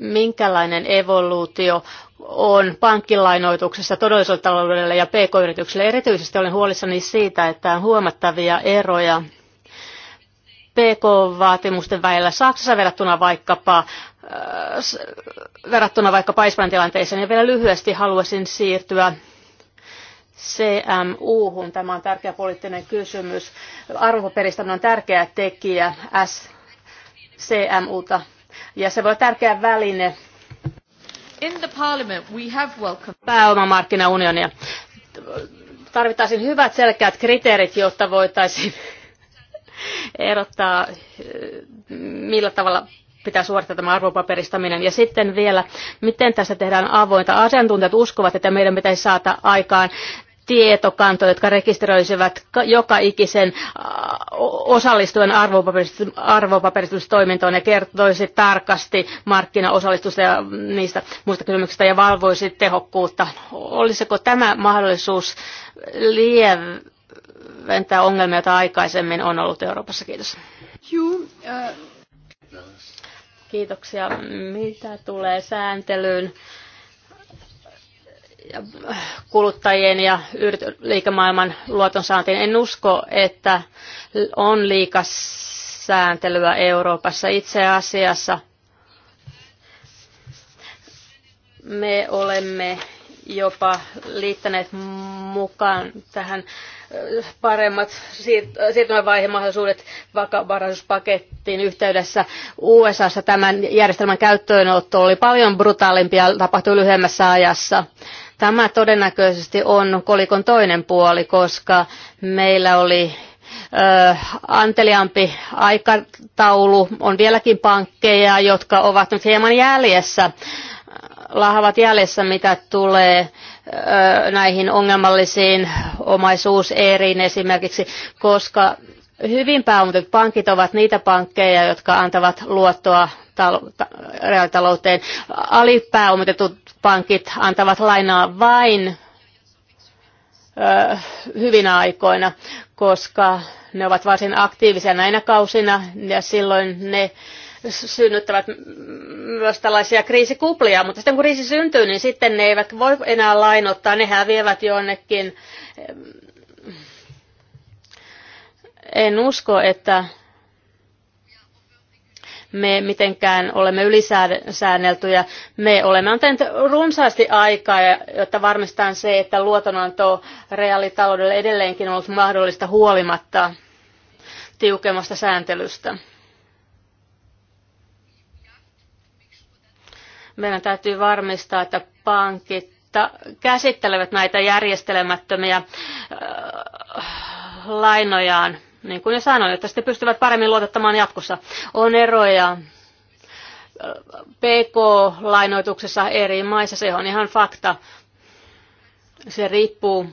minkälainen evoluutio on pankkilainoituksessa todellisuudelle ja pk-yrityksille. Erityisesti olen huolissani siitä, että on huomattavia eroja PK-vaatimusten välillä Saksassa verrattuna vaikkapa äh, verrattuna vaikkapa Espanjan tilanteeseen. Ja vielä lyhyesti haluaisin siirtyä CMU-hun. Tämä on tärkeä poliittinen kysymys. Arvopaperistaminen on tärkeä tekijä SCMUta. CMUta ja se voi olla tärkeä väline In the parliament we have welcomed... pääomamarkkinaunionia. Tarvittaisiin hyvät selkeät kriteerit, jotta voitaisiin erottaa, millä tavalla pitää suorittaa tämä arvopaperistaminen. Ja sitten vielä, miten tässä tehdään avointa. Asiantuntijat uskovat, että meidän pitäisi saada aikaan tietokantoja, jotka rekisteröisivät joka ikisen osallistujan arvopaperistustoimintoon ja kertoisi tarkasti markkinaosallistusta ja niistä muista kysymyksistä ja valvoisi tehokkuutta. Olisiko tämä mahdollisuus lievä? vähentää ongelmia, joita aikaisemmin on ollut Euroopassa. Kiitos. Juu, uh, Kiitoksia. Mitä tulee sääntelyyn ja kuluttajien ja liikemaailman luotonsaantiin? En usko, että on liikas sääntelyä Euroopassa. Itse asiassa me olemme jopa liittäneet mukaan tähän paremmat siirtymävaihemahdollisuudet vakavaraisuuspakettiin yhteydessä USAssa tämän järjestelmän käyttöönotto oli paljon brutaalimpia ja tapahtui lyhyemmässä ajassa. Tämä todennäköisesti on kolikon toinen puoli, koska meillä oli anteliampi aikataulu. On vieläkin pankkeja, jotka ovat nyt hieman jäljessä, lahavat jäljessä, mitä tulee näihin ongelmallisiin omaisuuseriin esimerkiksi, koska hyvin pääomitut pankit ovat niitä pankkeja, jotka antavat luottoa reaalitalouteen. Alipääomitetut pankit antavat lainaa vain hyvinä aikoina, koska ne ovat varsin aktiivisia näinä kausina ja silloin ne synnyttävät myös tällaisia kriisikuplia, mutta sitten kun kriisi syntyy, niin sitten ne eivät voi enää lainottaa, ne häviävät jonnekin. En usko, että me mitenkään olemme ylisäänneltyjä. Me olemme antaneet runsaasti aikaa, jotta varmistetaan se, että luotonanto reaalitaloudelle edelleenkin on ollut mahdollista huolimatta tiukemmasta sääntelystä. Meidän täytyy varmistaa, että pankit käsittelevät näitä järjestelemättömiä äh, lainojaan, niin kuin jo sanoin, että sitten pystyvät paremmin luotettamaan jatkossa. On eroja äh, PK-lainoituksessa eri maissa, se on ihan fakta. Se riippuu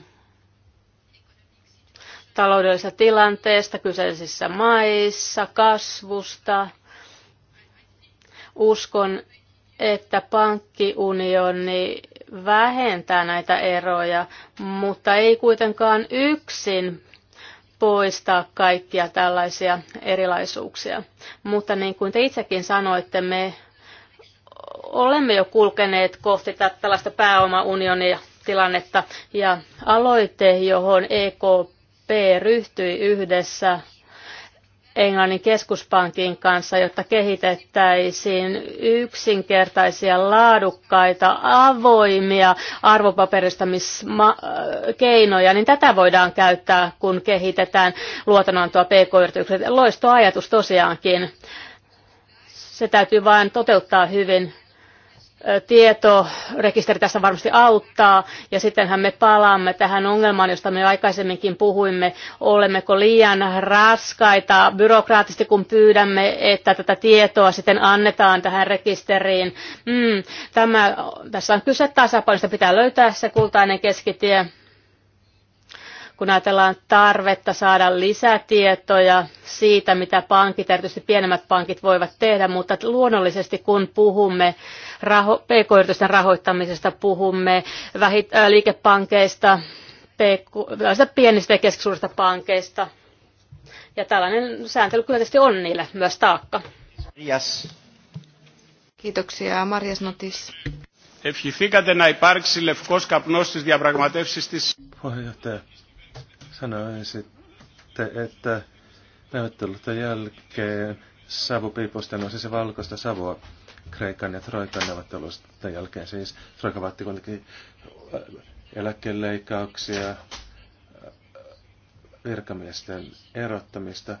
taloudellisesta tilanteesta kyseisissä maissa, kasvusta. Uskon, että pankkiunioni vähentää näitä eroja, mutta ei kuitenkaan yksin poistaa kaikkia tällaisia erilaisuuksia. Mutta niin kuin te itsekin sanoitte, me olemme jo kulkeneet kohti tällaista pääomaunionia tilannetta ja aloite, johon EKP ryhtyi yhdessä Englannin keskuspankin kanssa, jotta kehitettäisiin yksinkertaisia, laadukkaita, avoimia arvopaperistamiskeinoja, niin tätä voidaan käyttää, kun kehitetään luotonantoa pk-yritykset. Loisto ajatus tosiaankin. Se täytyy vain toteuttaa hyvin tietorekisteri tässä varmasti auttaa. Ja sittenhän me palaamme tähän ongelmaan, josta me aikaisemminkin puhuimme. Olemmeko liian raskaita byrokraattisesti, kun pyydämme, että tätä tietoa sitten annetaan tähän rekisteriin. Mm, tämä, tässä on kyse tasapainosta. Pitää löytää se kultainen keskitie kun ajatellaan tarvetta saada lisätietoja siitä, mitä pankit, erityisesti pienemmät pankit voivat tehdä, mutta luonnollisesti kun puhumme raho- pk-yritysten rahoittamisesta, puhumme vähit- äh, liikepankeista, pk- pienistä ja keskisuurista pankeista. Ja tällainen sääntely kyllä tietysti on niille myös taakka. Yes. Kiitoksia, Marjas Notis. Ευχηθήκατε να υπάρξει λευκός καπνός στις διαπραγματεύσεις της... Puheenjohtaja, sitten, että neuvotteluiden jälkeen savupiipusta nousi se valkoista savua Kreikan ja Troikan neuvottelusten jälkeen. Siis Troika vaatti kuitenkin eläkeleikkauksia, virkamiesten erottamista,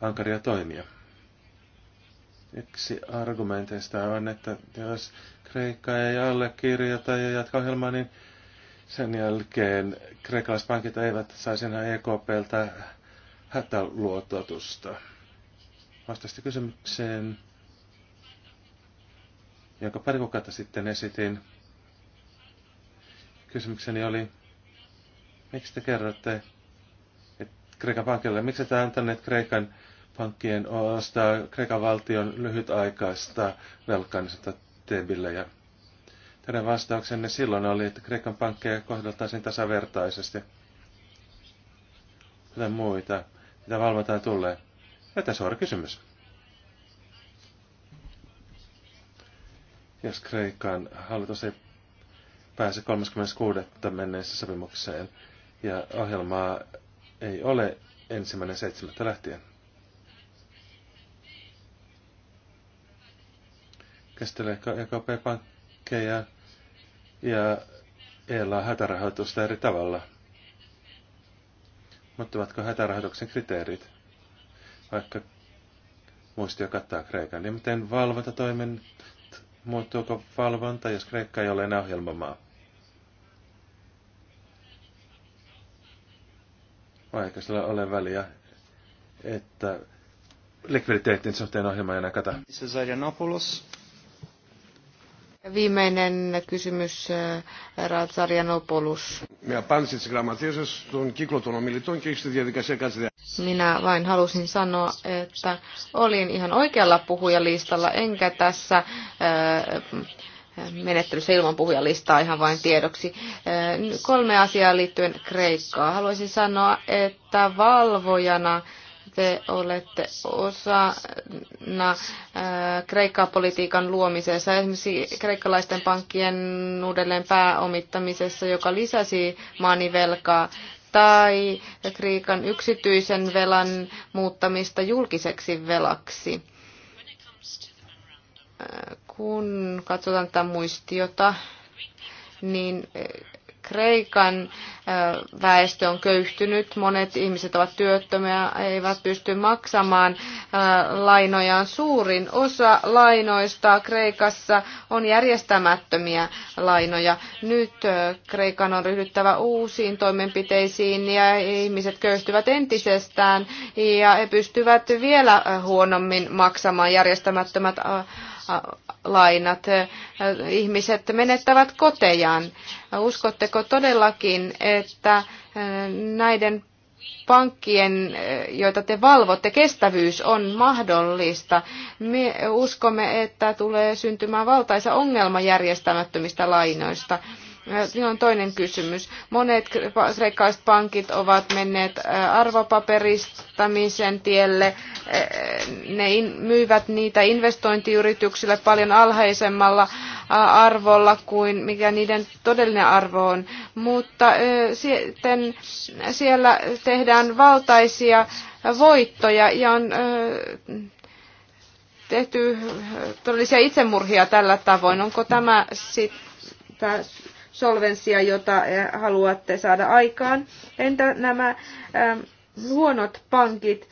ankaria toimia. Yksi argumenteista on, että jos Kreikka ei allekirjoita ja jatka ohjelmaa, niin sen jälkeen Kreikalaispankit eivät saisi enää EKPltä hätäluototusta. Vastasitte kysymykseen, jonka pari kuukautta sitten esitin. Kysymykseni oli, miksi te kerrotte että Kreikan pankille, miksi te antaneet Kreikan pankkien ostaa Kreikan valtion lyhytaikaista velkaansa niin ja Teidän vastauksenne silloin oli, että Kreikan pankkeja kohdeltaisiin tasavertaisesti. Kuten muita, mitä valvotaan tulee. Ja tässä on kysymys. Jos Kreikan hallitus ei pääse 36. menneessä sopimukseen ja ohjelmaa ei ole ensimmäinen seitsemättä lähtien. Käsitteleekö EKP-pankkeja ja ELA hätärahoitusta eri tavalla. Muuttuvatko hätärahoituksen kriteerit, vaikka muistio kattaa Kreikan? Niin miten valvonta toimin, muuttuuko valvonta, jos Kreikka ei ole enää ohjelmamaa? Vaikka sillä ole väliä, että likviditeettin suhteen ohjelma ei enää kata. Mrs. Viimeinen κysymys, äh, Ratsarianopoulos. Minä vain halusin sanoa, että olin ihan oikealla puhujalistalla, enkä tässä äh, menettelyssä ilman puhujalistaa ihan vain tiedoksi. Äh, kolme asiaa liittyen Kreikkaan. Haluaisin sanoa, että valvojana te olette osana Kreikka-politiikan luomisessa, esimerkiksi kreikkalaisten pankkien uudelleen pääomittamisessa, joka lisäsi maanivelkaa, tai Kreikan yksityisen velan muuttamista julkiseksi velaksi. Kun katsotaan tätä muistiota, niin Kreikan väestö on köyhtynyt, monet ihmiset ovat työttömiä, eivät pysty maksamaan lainojaan. Suurin osa lainoista Kreikassa on järjestämättömiä lainoja. Nyt Kreikan on ryhdyttävä uusiin toimenpiteisiin ja ihmiset köyhtyvät entisestään ja he pystyvät vielä huonommin maksamaan järjestämättömät lainat. Ihmiset menettävät kotejaan. Uskotteko todellakin, että eh, näiden pankkien, eh, joita te valvotte, kestävyys on mahdollista. Me uskomme, että tulee syntymään valtaisa ongelma järjestämättömistä lainoista. Silloin äh, toinen kysymys. Monet kreikkalaiset pankit ovat menneet äh, arvopaperistamisen tielle. Äh, ne myyvät niitä investointiyrityksille paljon alhaisemmalla arvolla kuin mikä niiden todellinen arvo on. Mutta sitten siellä tehdään valtaisia voittoja ja on tehty todellisia itsemurhia tällä tavoin. Onko tämä sitten solvenssia, jota eh, haluatte saada aikaan. Entä nämä ähm, huonot pankit,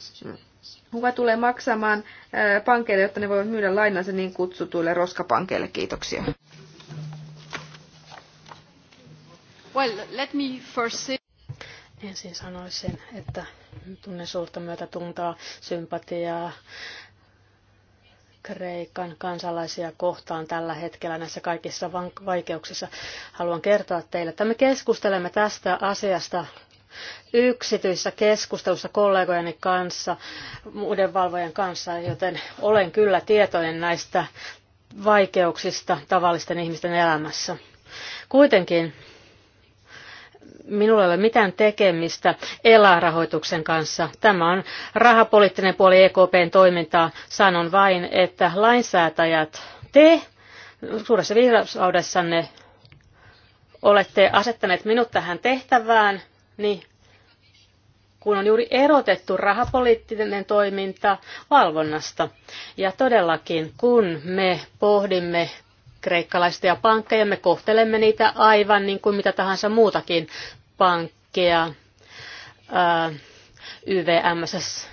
kuka tulee maksamaan äh, pankeille, jotta ne voivat myydä lainansa niin kutsutuille roskapankeille? Kiitoksia. Well, let me first say... Ensin sanoisin, että tunnen suurta tuntaa sympatiaa Kreikan kansalaisia kohtaan tällä hetkellä näissä kaikissa vaikeuksissa. Haluan kertoa teille, että me keskustelemme tästä asiasta yksityisessä keskustelussa kollegojeni kanssa, muiden valvojen kanssa, joten olen kyllä tietoinen näistä vaikeuksista tavallisten ihmisten elämässä. Kuitenkin minulla ei ole mitään tekemistä ELA-rahoituksen kanssa. Tämä on rahapoliittinen puoli EKPn toimintaa. Sanon vain, että lainsäätäjät, te suuressa viisaudessanne olette asettaneet minut tähän tehtävään, niin kun on juuri erotettu rahapoliittinen toiminta valvonnasta. Ja todellakin, kun me pohdimme kreikkalaisia pankkeja. Me kohtelemme niitä aivan niin kuin mitä tahansa muutakin pankkeja. YVMS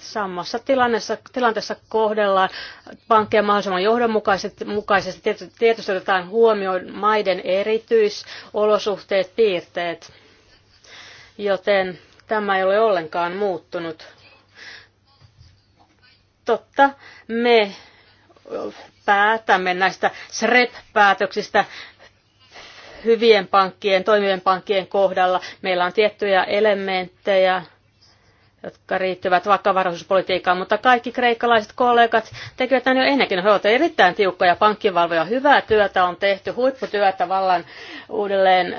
samassa tilanteessa, tilanteessa kohdellaan pankkeja mahdollisimman johdonmukaisesti. Mukaisesti. Tietysti otetaan huomioon maiden erityisolosuhteet, piirteet, joten tämä ei ole ollenkaan muuttunut. Totta, me päätämme näistä SREP-päätöksistä hyvien pankkien, toimivien pankkien kohdalla. Meillä on tiettyjä elementtejä, jotka riittyvät vakavaraisuuspolitiikkaan, mutta kaikki kreikkalaiset kollegat tekevät näin jo ennenkin. He ovat erittäin tiukkoja pankkivalvoja. Hyvää työtä on tehty, huipputyötä vallan uudelleen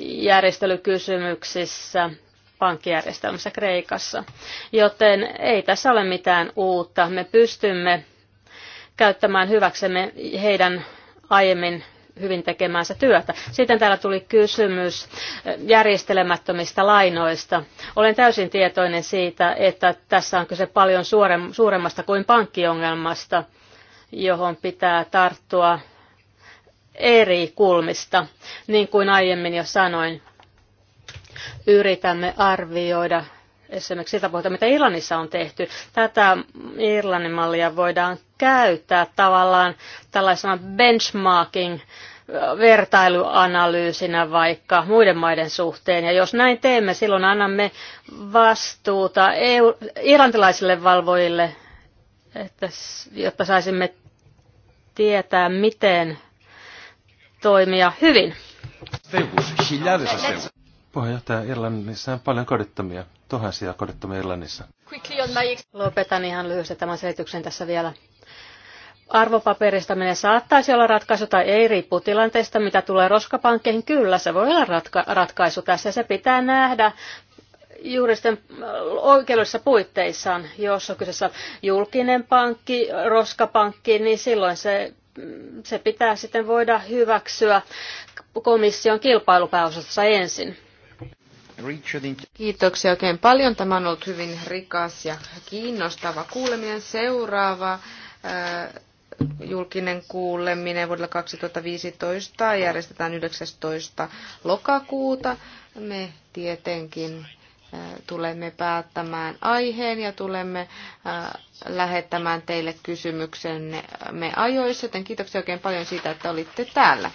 järjestelykysymyksissä pankkijärjestelmässä Kreikassa. Joten ei tässä ole mitään uutta. Me pystymme käyttämään hyväksemme heidän aiemmin hyvin tekemäänsä työtä. Sitten täällä tuli kysymys eh, järjestelemättömistä lainoista. Olen täysin tietoinen siitä, että tässä on kyse paljon suuremmasta kuin pankkiongelmasta, johon pitää tarttua eri kulmista. Niin kuin aiemmin jo sanoin, yritämme arvioida esimerkiksi sitä pohjalta, mitä Irlannissa on tehty. Tätä Irlannin mallia voidaan käyttää tavallaan tällaisena benchmarking äh, vertailuanalyysinä vaikka muiden maiden suhteen. Ja jos näin teemme, silloin annamme vastuuta EU, irlantilaisille valvojille, että, jotta saisimme tietää, miten toimia hyvin. Puheenjohtaja Irlannissa on paljon kodittomia tuhansia kodittomia Irlannissa. Lopetan ihan lyhyesti tämän selityksen tässä vielä. Arvopaperistaminen saattaisi olla ratkaisu tai ei, riippu tilanteesta, mitä tulee roskapankkeihin. Kyllä, se voi olla ratka- ratkaisu tässä. Se pitää nähdä juuristen äh, oikeudellisissa puitteissaan. Jos on kyseessä julkinen pankki, roskapankki, niin silloin se, mm, se pitää sitten voida hyväksyä komission kilpailupääosassa ensin Kiitoksia oikein paljon. Tämä on ollut hyvin rikas ja kiinnostava kuuleminen. Seuraava äh, julkinen kuuleminen vuodelle 2015 järjestetään 19. lokakuuta. Me tietenkin äh, tulemme päättämään aiheen ja tulemme äh, lähettämään teille kysymyksenne me ajoissa, joten kiitoksia oikein paljon siitä, että olitte täällä.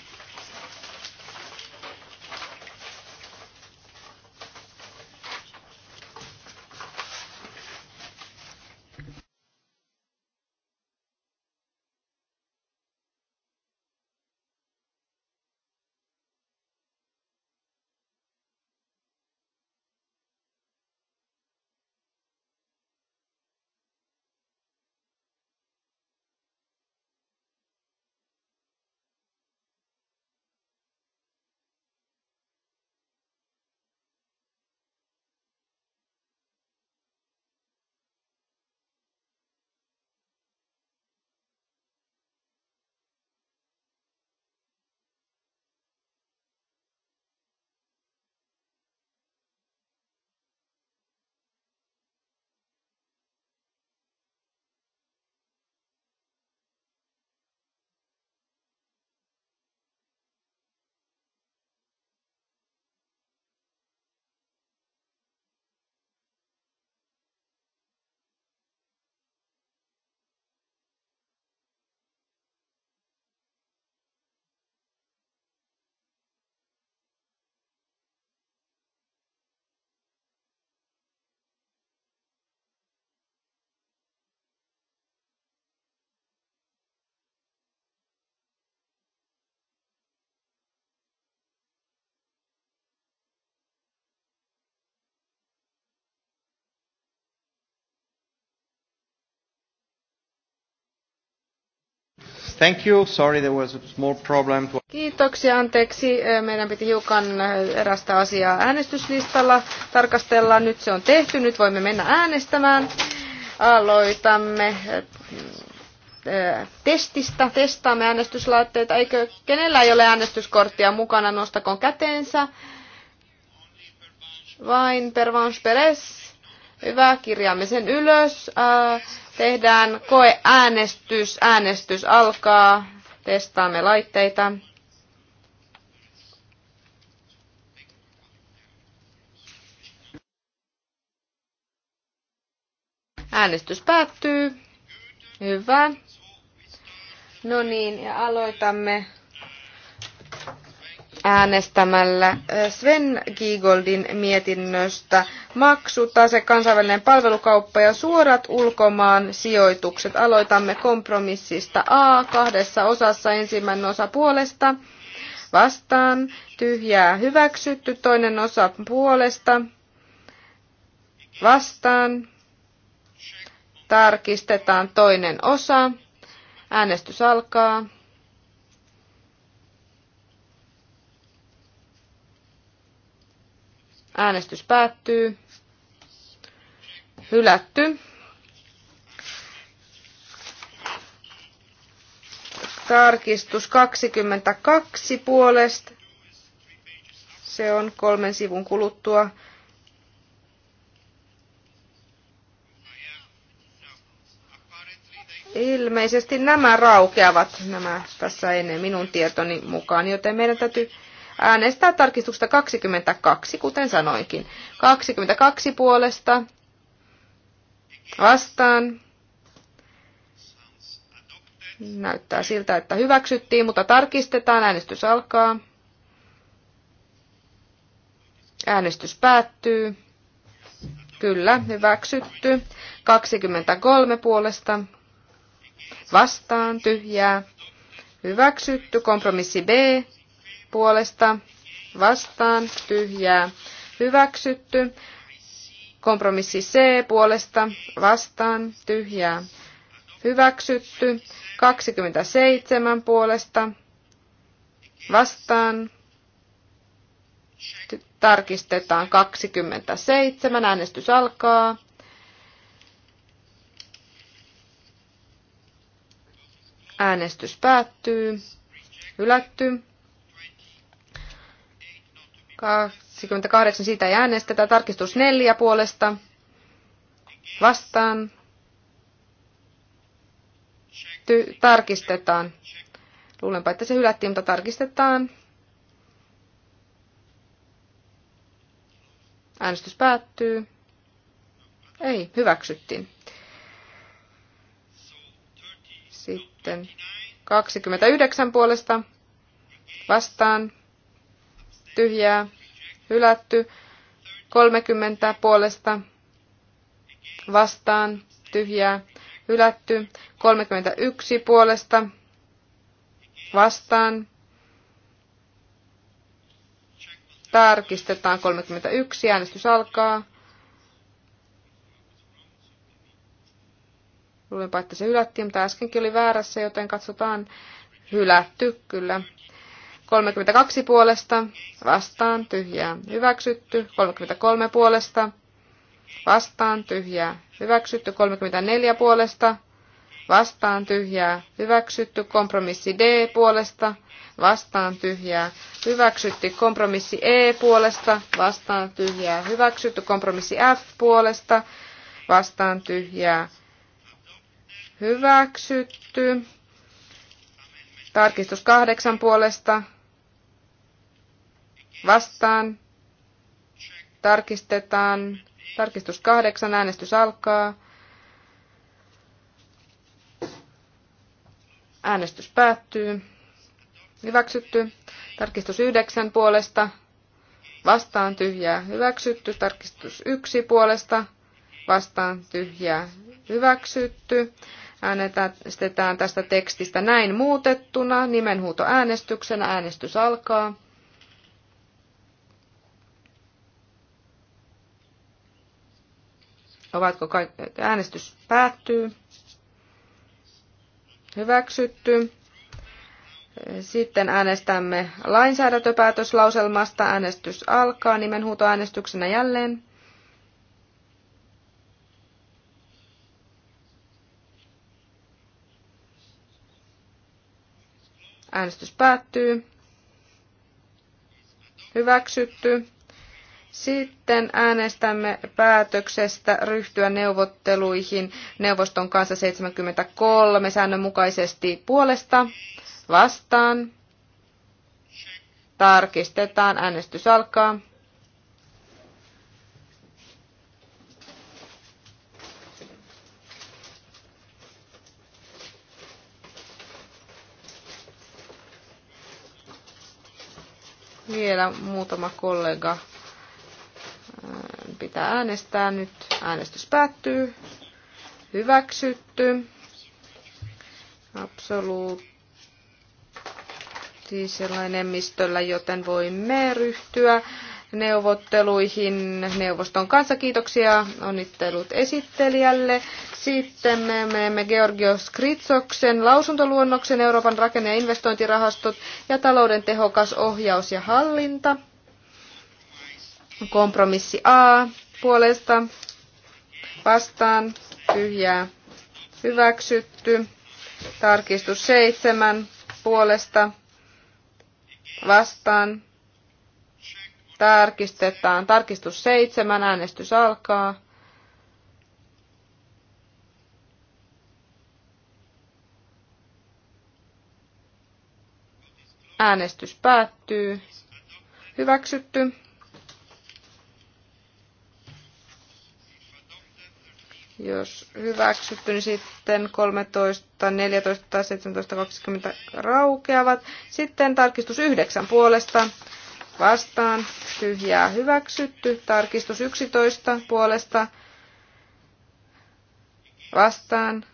Thank you. Sorry, there was a small problem. Kiitoksia, anteeksi. Eh, meidän piti hiukan eh, erästä asiaa äänestyslistalla tarkastella. Nyt se on tehty, nyt voimme mennä äänestämään. Aloitamme eh, testistä, testaamme äänestyslaitteita. Eikö kenellä ei ole äänestyskorttia mukana, nostakoon käteensä. Vain Pervans Perez Hyvä, kirjaamme sen ylös. Äh, tehdään koeäänestys. Äänestys alkaa. Testaamme laitteita. Äänestys päättyy. Hyvä. No niin, ja aloitamme äänestämällä Sven Giegoldin mietinnöstä maksutase, kansainvälinen palvelukauppa ja suorat ulkomaan sijoitukset. Aloitamme kompromissista A kahdessa osassa ensimmäinen osa puolesta vastaan, tyhjää hyväksytty, toinen osa puolesta vastaan, tarkistetaan toinen osa, äänestys alkaa. Äänestys päättyy. Hylätty. Tarkistus 22 puolesta. Se on kolmen sivun kuluttua. Ilmeisesti nämä raukeavat, nämä tässä ennen minun tietoni mukaan, joten meidän täytyy äänestää tarkistusta 22, kuten sanoinkin. 22 puolesta vastaan. Näyttää siltä, että hyväksyttiin, mutta tarkistetaan. Äänestys alkaa. Äänestys päättyy. Kyllä, hyväksytty. 23 puolesta. Vastaan, tyhjää. Hyväksytty. Kompromissi B puolesta vastaan tyhjää hyväksytty. Kompromissi C puolesta vastaan tyhjää hyväksytty. 27 puolesta vastaan tarkistetaan 27. Äänestys alkaa. Äänestys päättyy. Hylätty. 28 siitä ei äänestetä. Tarkistus 4 puolesta. Vastaan. Ty- tarkistetaan. Luulenpa, että se hylättiin, mutta tarkistetaan. Äänestys päättyy. Ei, hyväksyttiin. Sitten 29 puolesta vastaan tyhjää hylätty. 30 puolesta vastaan tyhjää hylätty. 31 puolesta vastaan. Tarkistetaan 31. Äänestys alkaa. Luulenpa, että se hylättiin, mutta äskenkin oli väärässä, joten katsotaan. Hylätty, kyllä. 32 puolesta, vastaan, tyhjää, hyväksytty. 33 puolesta, vastaan, tyhjää, hyväksytty. 34 puolesta, vastaan, tyhjää, hyväksytty. Kompromissi D puolesta, vastaan, tyhjää, hyväksytty. Kompromissi E puolesta, vastaan, tyhjää, hyväksytty. Kompromissi F puolesta, vastaan, tyhjää, hyväksytty. Tarkistus kahdeksan puolesta vastaan. Tarkistetaan. Tarkistus kahdeksan. Äänestys alkaa. Äänestys päättyy. Hyväksytty. Tarkistus yhdeksän puolesta. Vastaan tyhjää. Hyväksytty. Tarkistus yksi puolesta. Vastaan tyhjää. Hyväksytty. Äänestetään tästä tekstistä näin muutettuna. Nimenhuuto äänestyksenä. Äänestys alkaa. Ovatko kaikki, äänestys päättyy. Hyväksytty. Sitten äänestämme lainsäädäntöpäätöslauselmasta. Äänestys alkaa nimenhuutoäänestyksenä jälleen. Äänestys päättyy. Hyväksytty. Sitten äänestämme päätöksestä ryhtyä neuvotteluihin neuvoston kanssa 73 säännönmukaisesti puolesta vastaan. Tarkistetaan. Äänestys alkaa. Vielä muutama kollega pitää äänestää nyt. Äänestys päättyy. Hyväksytty. Absoluuttisella enemmistöllä, joten voimme ryhtyä neuvotteluihin neuvoston kanssa. Kiitoksia onnittelut esittelijälle. Sitten me menemme Georgios Kritsoksen lausuntoluonnoksen Euroopan rakenne- ja investointirahastot ja talouden tehokas ohjaus ja hallinta. Kompromissi A puolesta vastaan tyhjää hyväksytty. Tarkistus 7 puolesta vastaan tarkistetaan. Tarkistus 7, äänestys alkaa. Äänestys päättyy. Hyväksytty. Jos hyväksytty, niin sitten 13, 14, 17, 20 raukeavat. Sitten tarkistus 9 puolesta vastaan, tyhjää hyväksytty. Tarkistus 11 puolesta vastaan.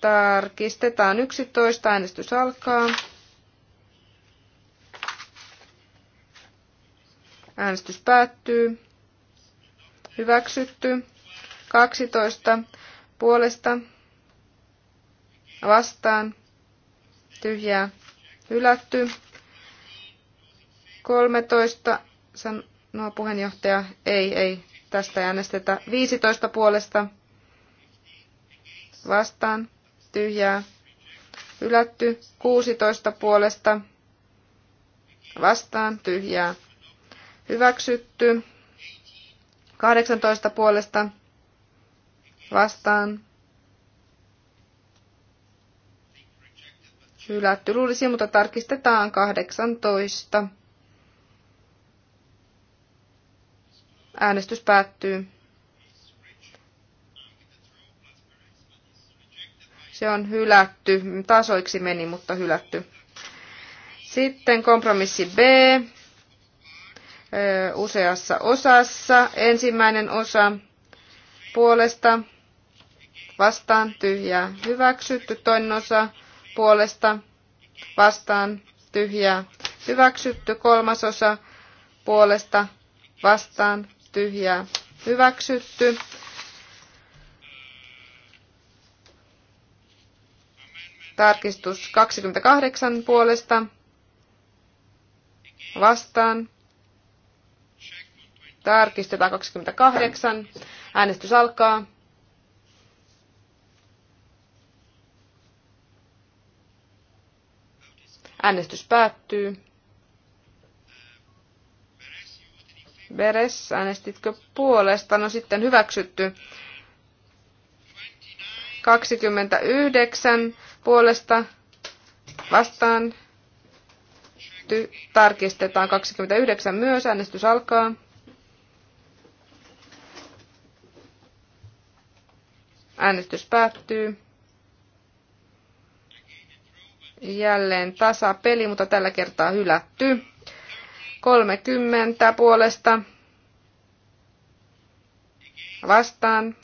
Tarkistetaan 11, äänestys alkaa. Äänestys päättyy hyväksytty. 12 puolesta vastaan tyhjää hylätty. 13 sanoo puheenjohtaja ei, ei, tästä ei äänestetä. 15 puolesta vastaan tyhjää hylätty. 16 puolesta vastaan tyhjää hyväksytty. 18 puolesta vastaan. Hylätty luulisi, mutta tarkistetaan 18. Äänestys päättyy. Se on hylätty. Tasoiksi meni, mutta hylätty. Sitten kompromissi B useassa osassa. Ensimmäinen osa puolesta vastaan tyhjää hyväksytty. Toinen osa puolesta vastaan tyhjää hyväksytty. Kolmas osa puolesta vastaan tyhjää hyväksytty. Tarkistus 28 puolesta vastaan Tarkistetaan 28. Äänestys alkaa. Äänestys päättyy. Beres, äänestitkö puolesta? No sitten hyväksytty. 29 puolesta vastaan. Ty- tarkistetaan 29 myös. Äänestys alkaa. Äänestys päättyy. Jälleen tasa peli, mutta tällä kertaa hylätty. 30 puolesta. Vastaan.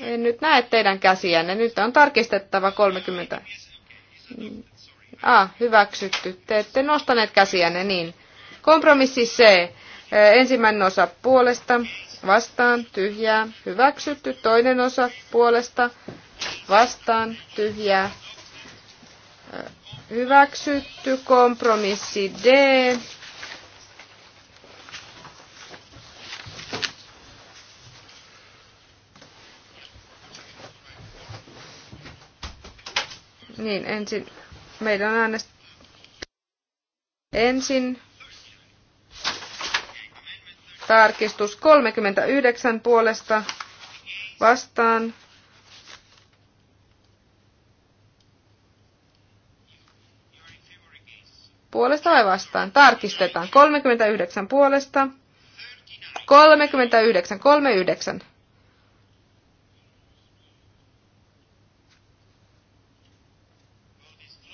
En nyt näe teidän käsiänne. Nyt on tarkistettava 30. Ah, hyväksytty. Te ette nostaneet käsiänne, niin. Kompromissi C. Ensimmäinen osa puolesta vastaan, tyhjää, hyväksytty. Toinen osa puolesta, vastaan, tyhjää, hyväksytty. Kompromissi D. Niin, ensin meidän äänestä. Ensin Tarkistus 39 puolesta vastaan. Puolesta vai vastaan? Tarkistetaan. 39 puolesta. 39, 39.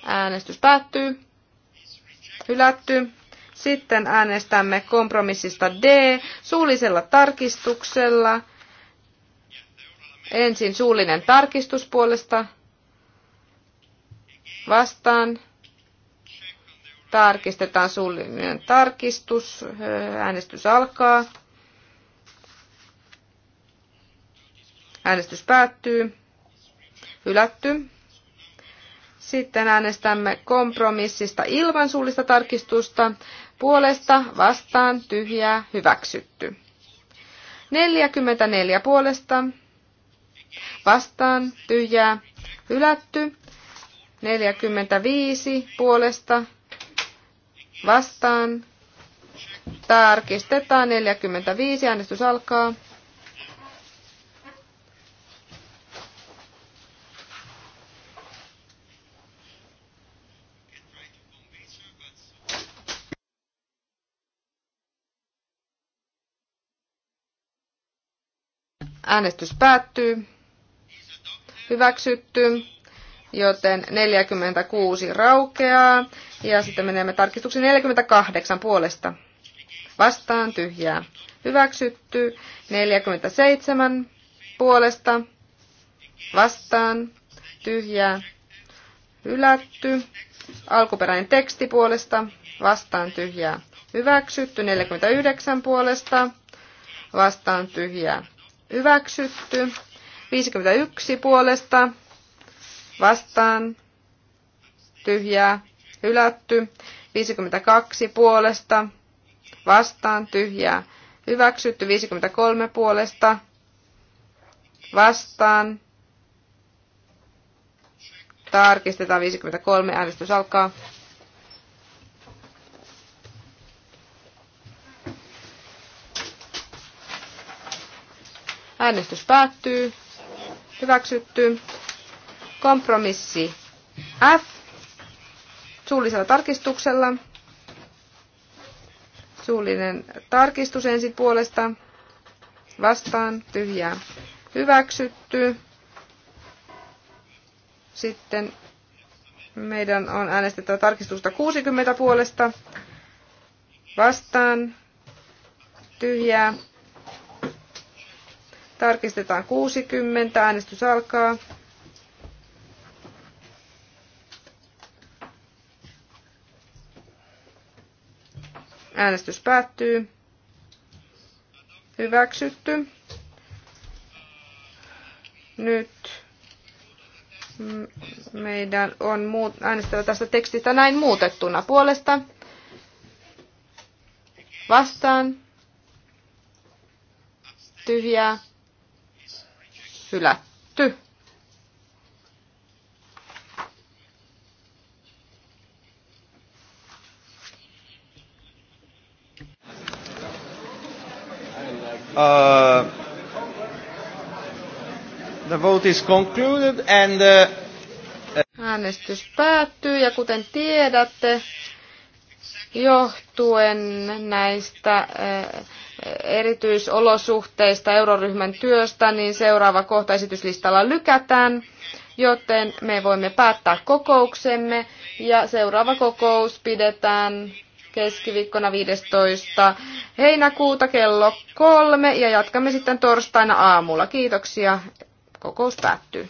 Äänestys päättyy. Hylätty. Sitten äänestämme kompromissista D suullisella tarkistuksella. Ensin suullinen tarkistus puolesta vastaan. Tarkistetaan suullinen tarkistus. Äänestys alkaa. Äänestys päättyy. Hylätty. Sitten äänestämme kompromissista ilman suullista tarkistusta puolesta, vastaan, tyhjää, hyväksytty. 44 puolesta, vastaan, tyhjää, hylätty. 45 puolesta, vastaan, tarkistetaan, 45, äänestys alkaa. Äänestys päättyy. Hyväksytty. Joten 46 raukeaa. Ja sitten menemme tarkistuksiin 48 puolesta. Vastaan tyhjää. Hyväksytty. 47 puolesta. Vastaan tyhjää. Hylätty. Alkuperäinen teksti puolesta. Vastaan tyhjää. Hyväksytty. 49 puolesta. Vastaan tyhjää hyväksytty. 51 puolesta vastaan tyhjää hylätty. 52 puolesta vastaan tyhjää hyväksytty. 53 puolesta vastaan. Tarkistetaan 53. Äänestys alkaa. Äänestys päättyy. Hyväksytty. Kompromissi F suullisella tarkistuksella. Suullinen tarkistus ensin puolesta. Vastaan tyhjää. Hyväksytty. Sitten meidän on äänestettävä tarkistusta 60 puolesta. Vastaan tyhjää. Tarkistetaan 60. Äänestys alkaa. Äänestys päättyy. Hyväksytty. Nyt meidän on muut, äänestettävä tästä tekstistä näin muutettuna puolesta. Vastaan. Tyhjää hylätty. Uh, the vote is concluded and uh, Äänestys päättyy ja kuten tiedätte, johtuen näistä uh, erityisolosuhteista euroryhmän työstä, niin seuraava kohta esityslistalla lykätään, joten me voimme päättää kokouksemme ja seuraava kokous pidetään keskiviikkona 15. heinäkuuta kello kolme ja jatkamme sitten torstaina aamulla. Kiitoksia. Kokous päättyy.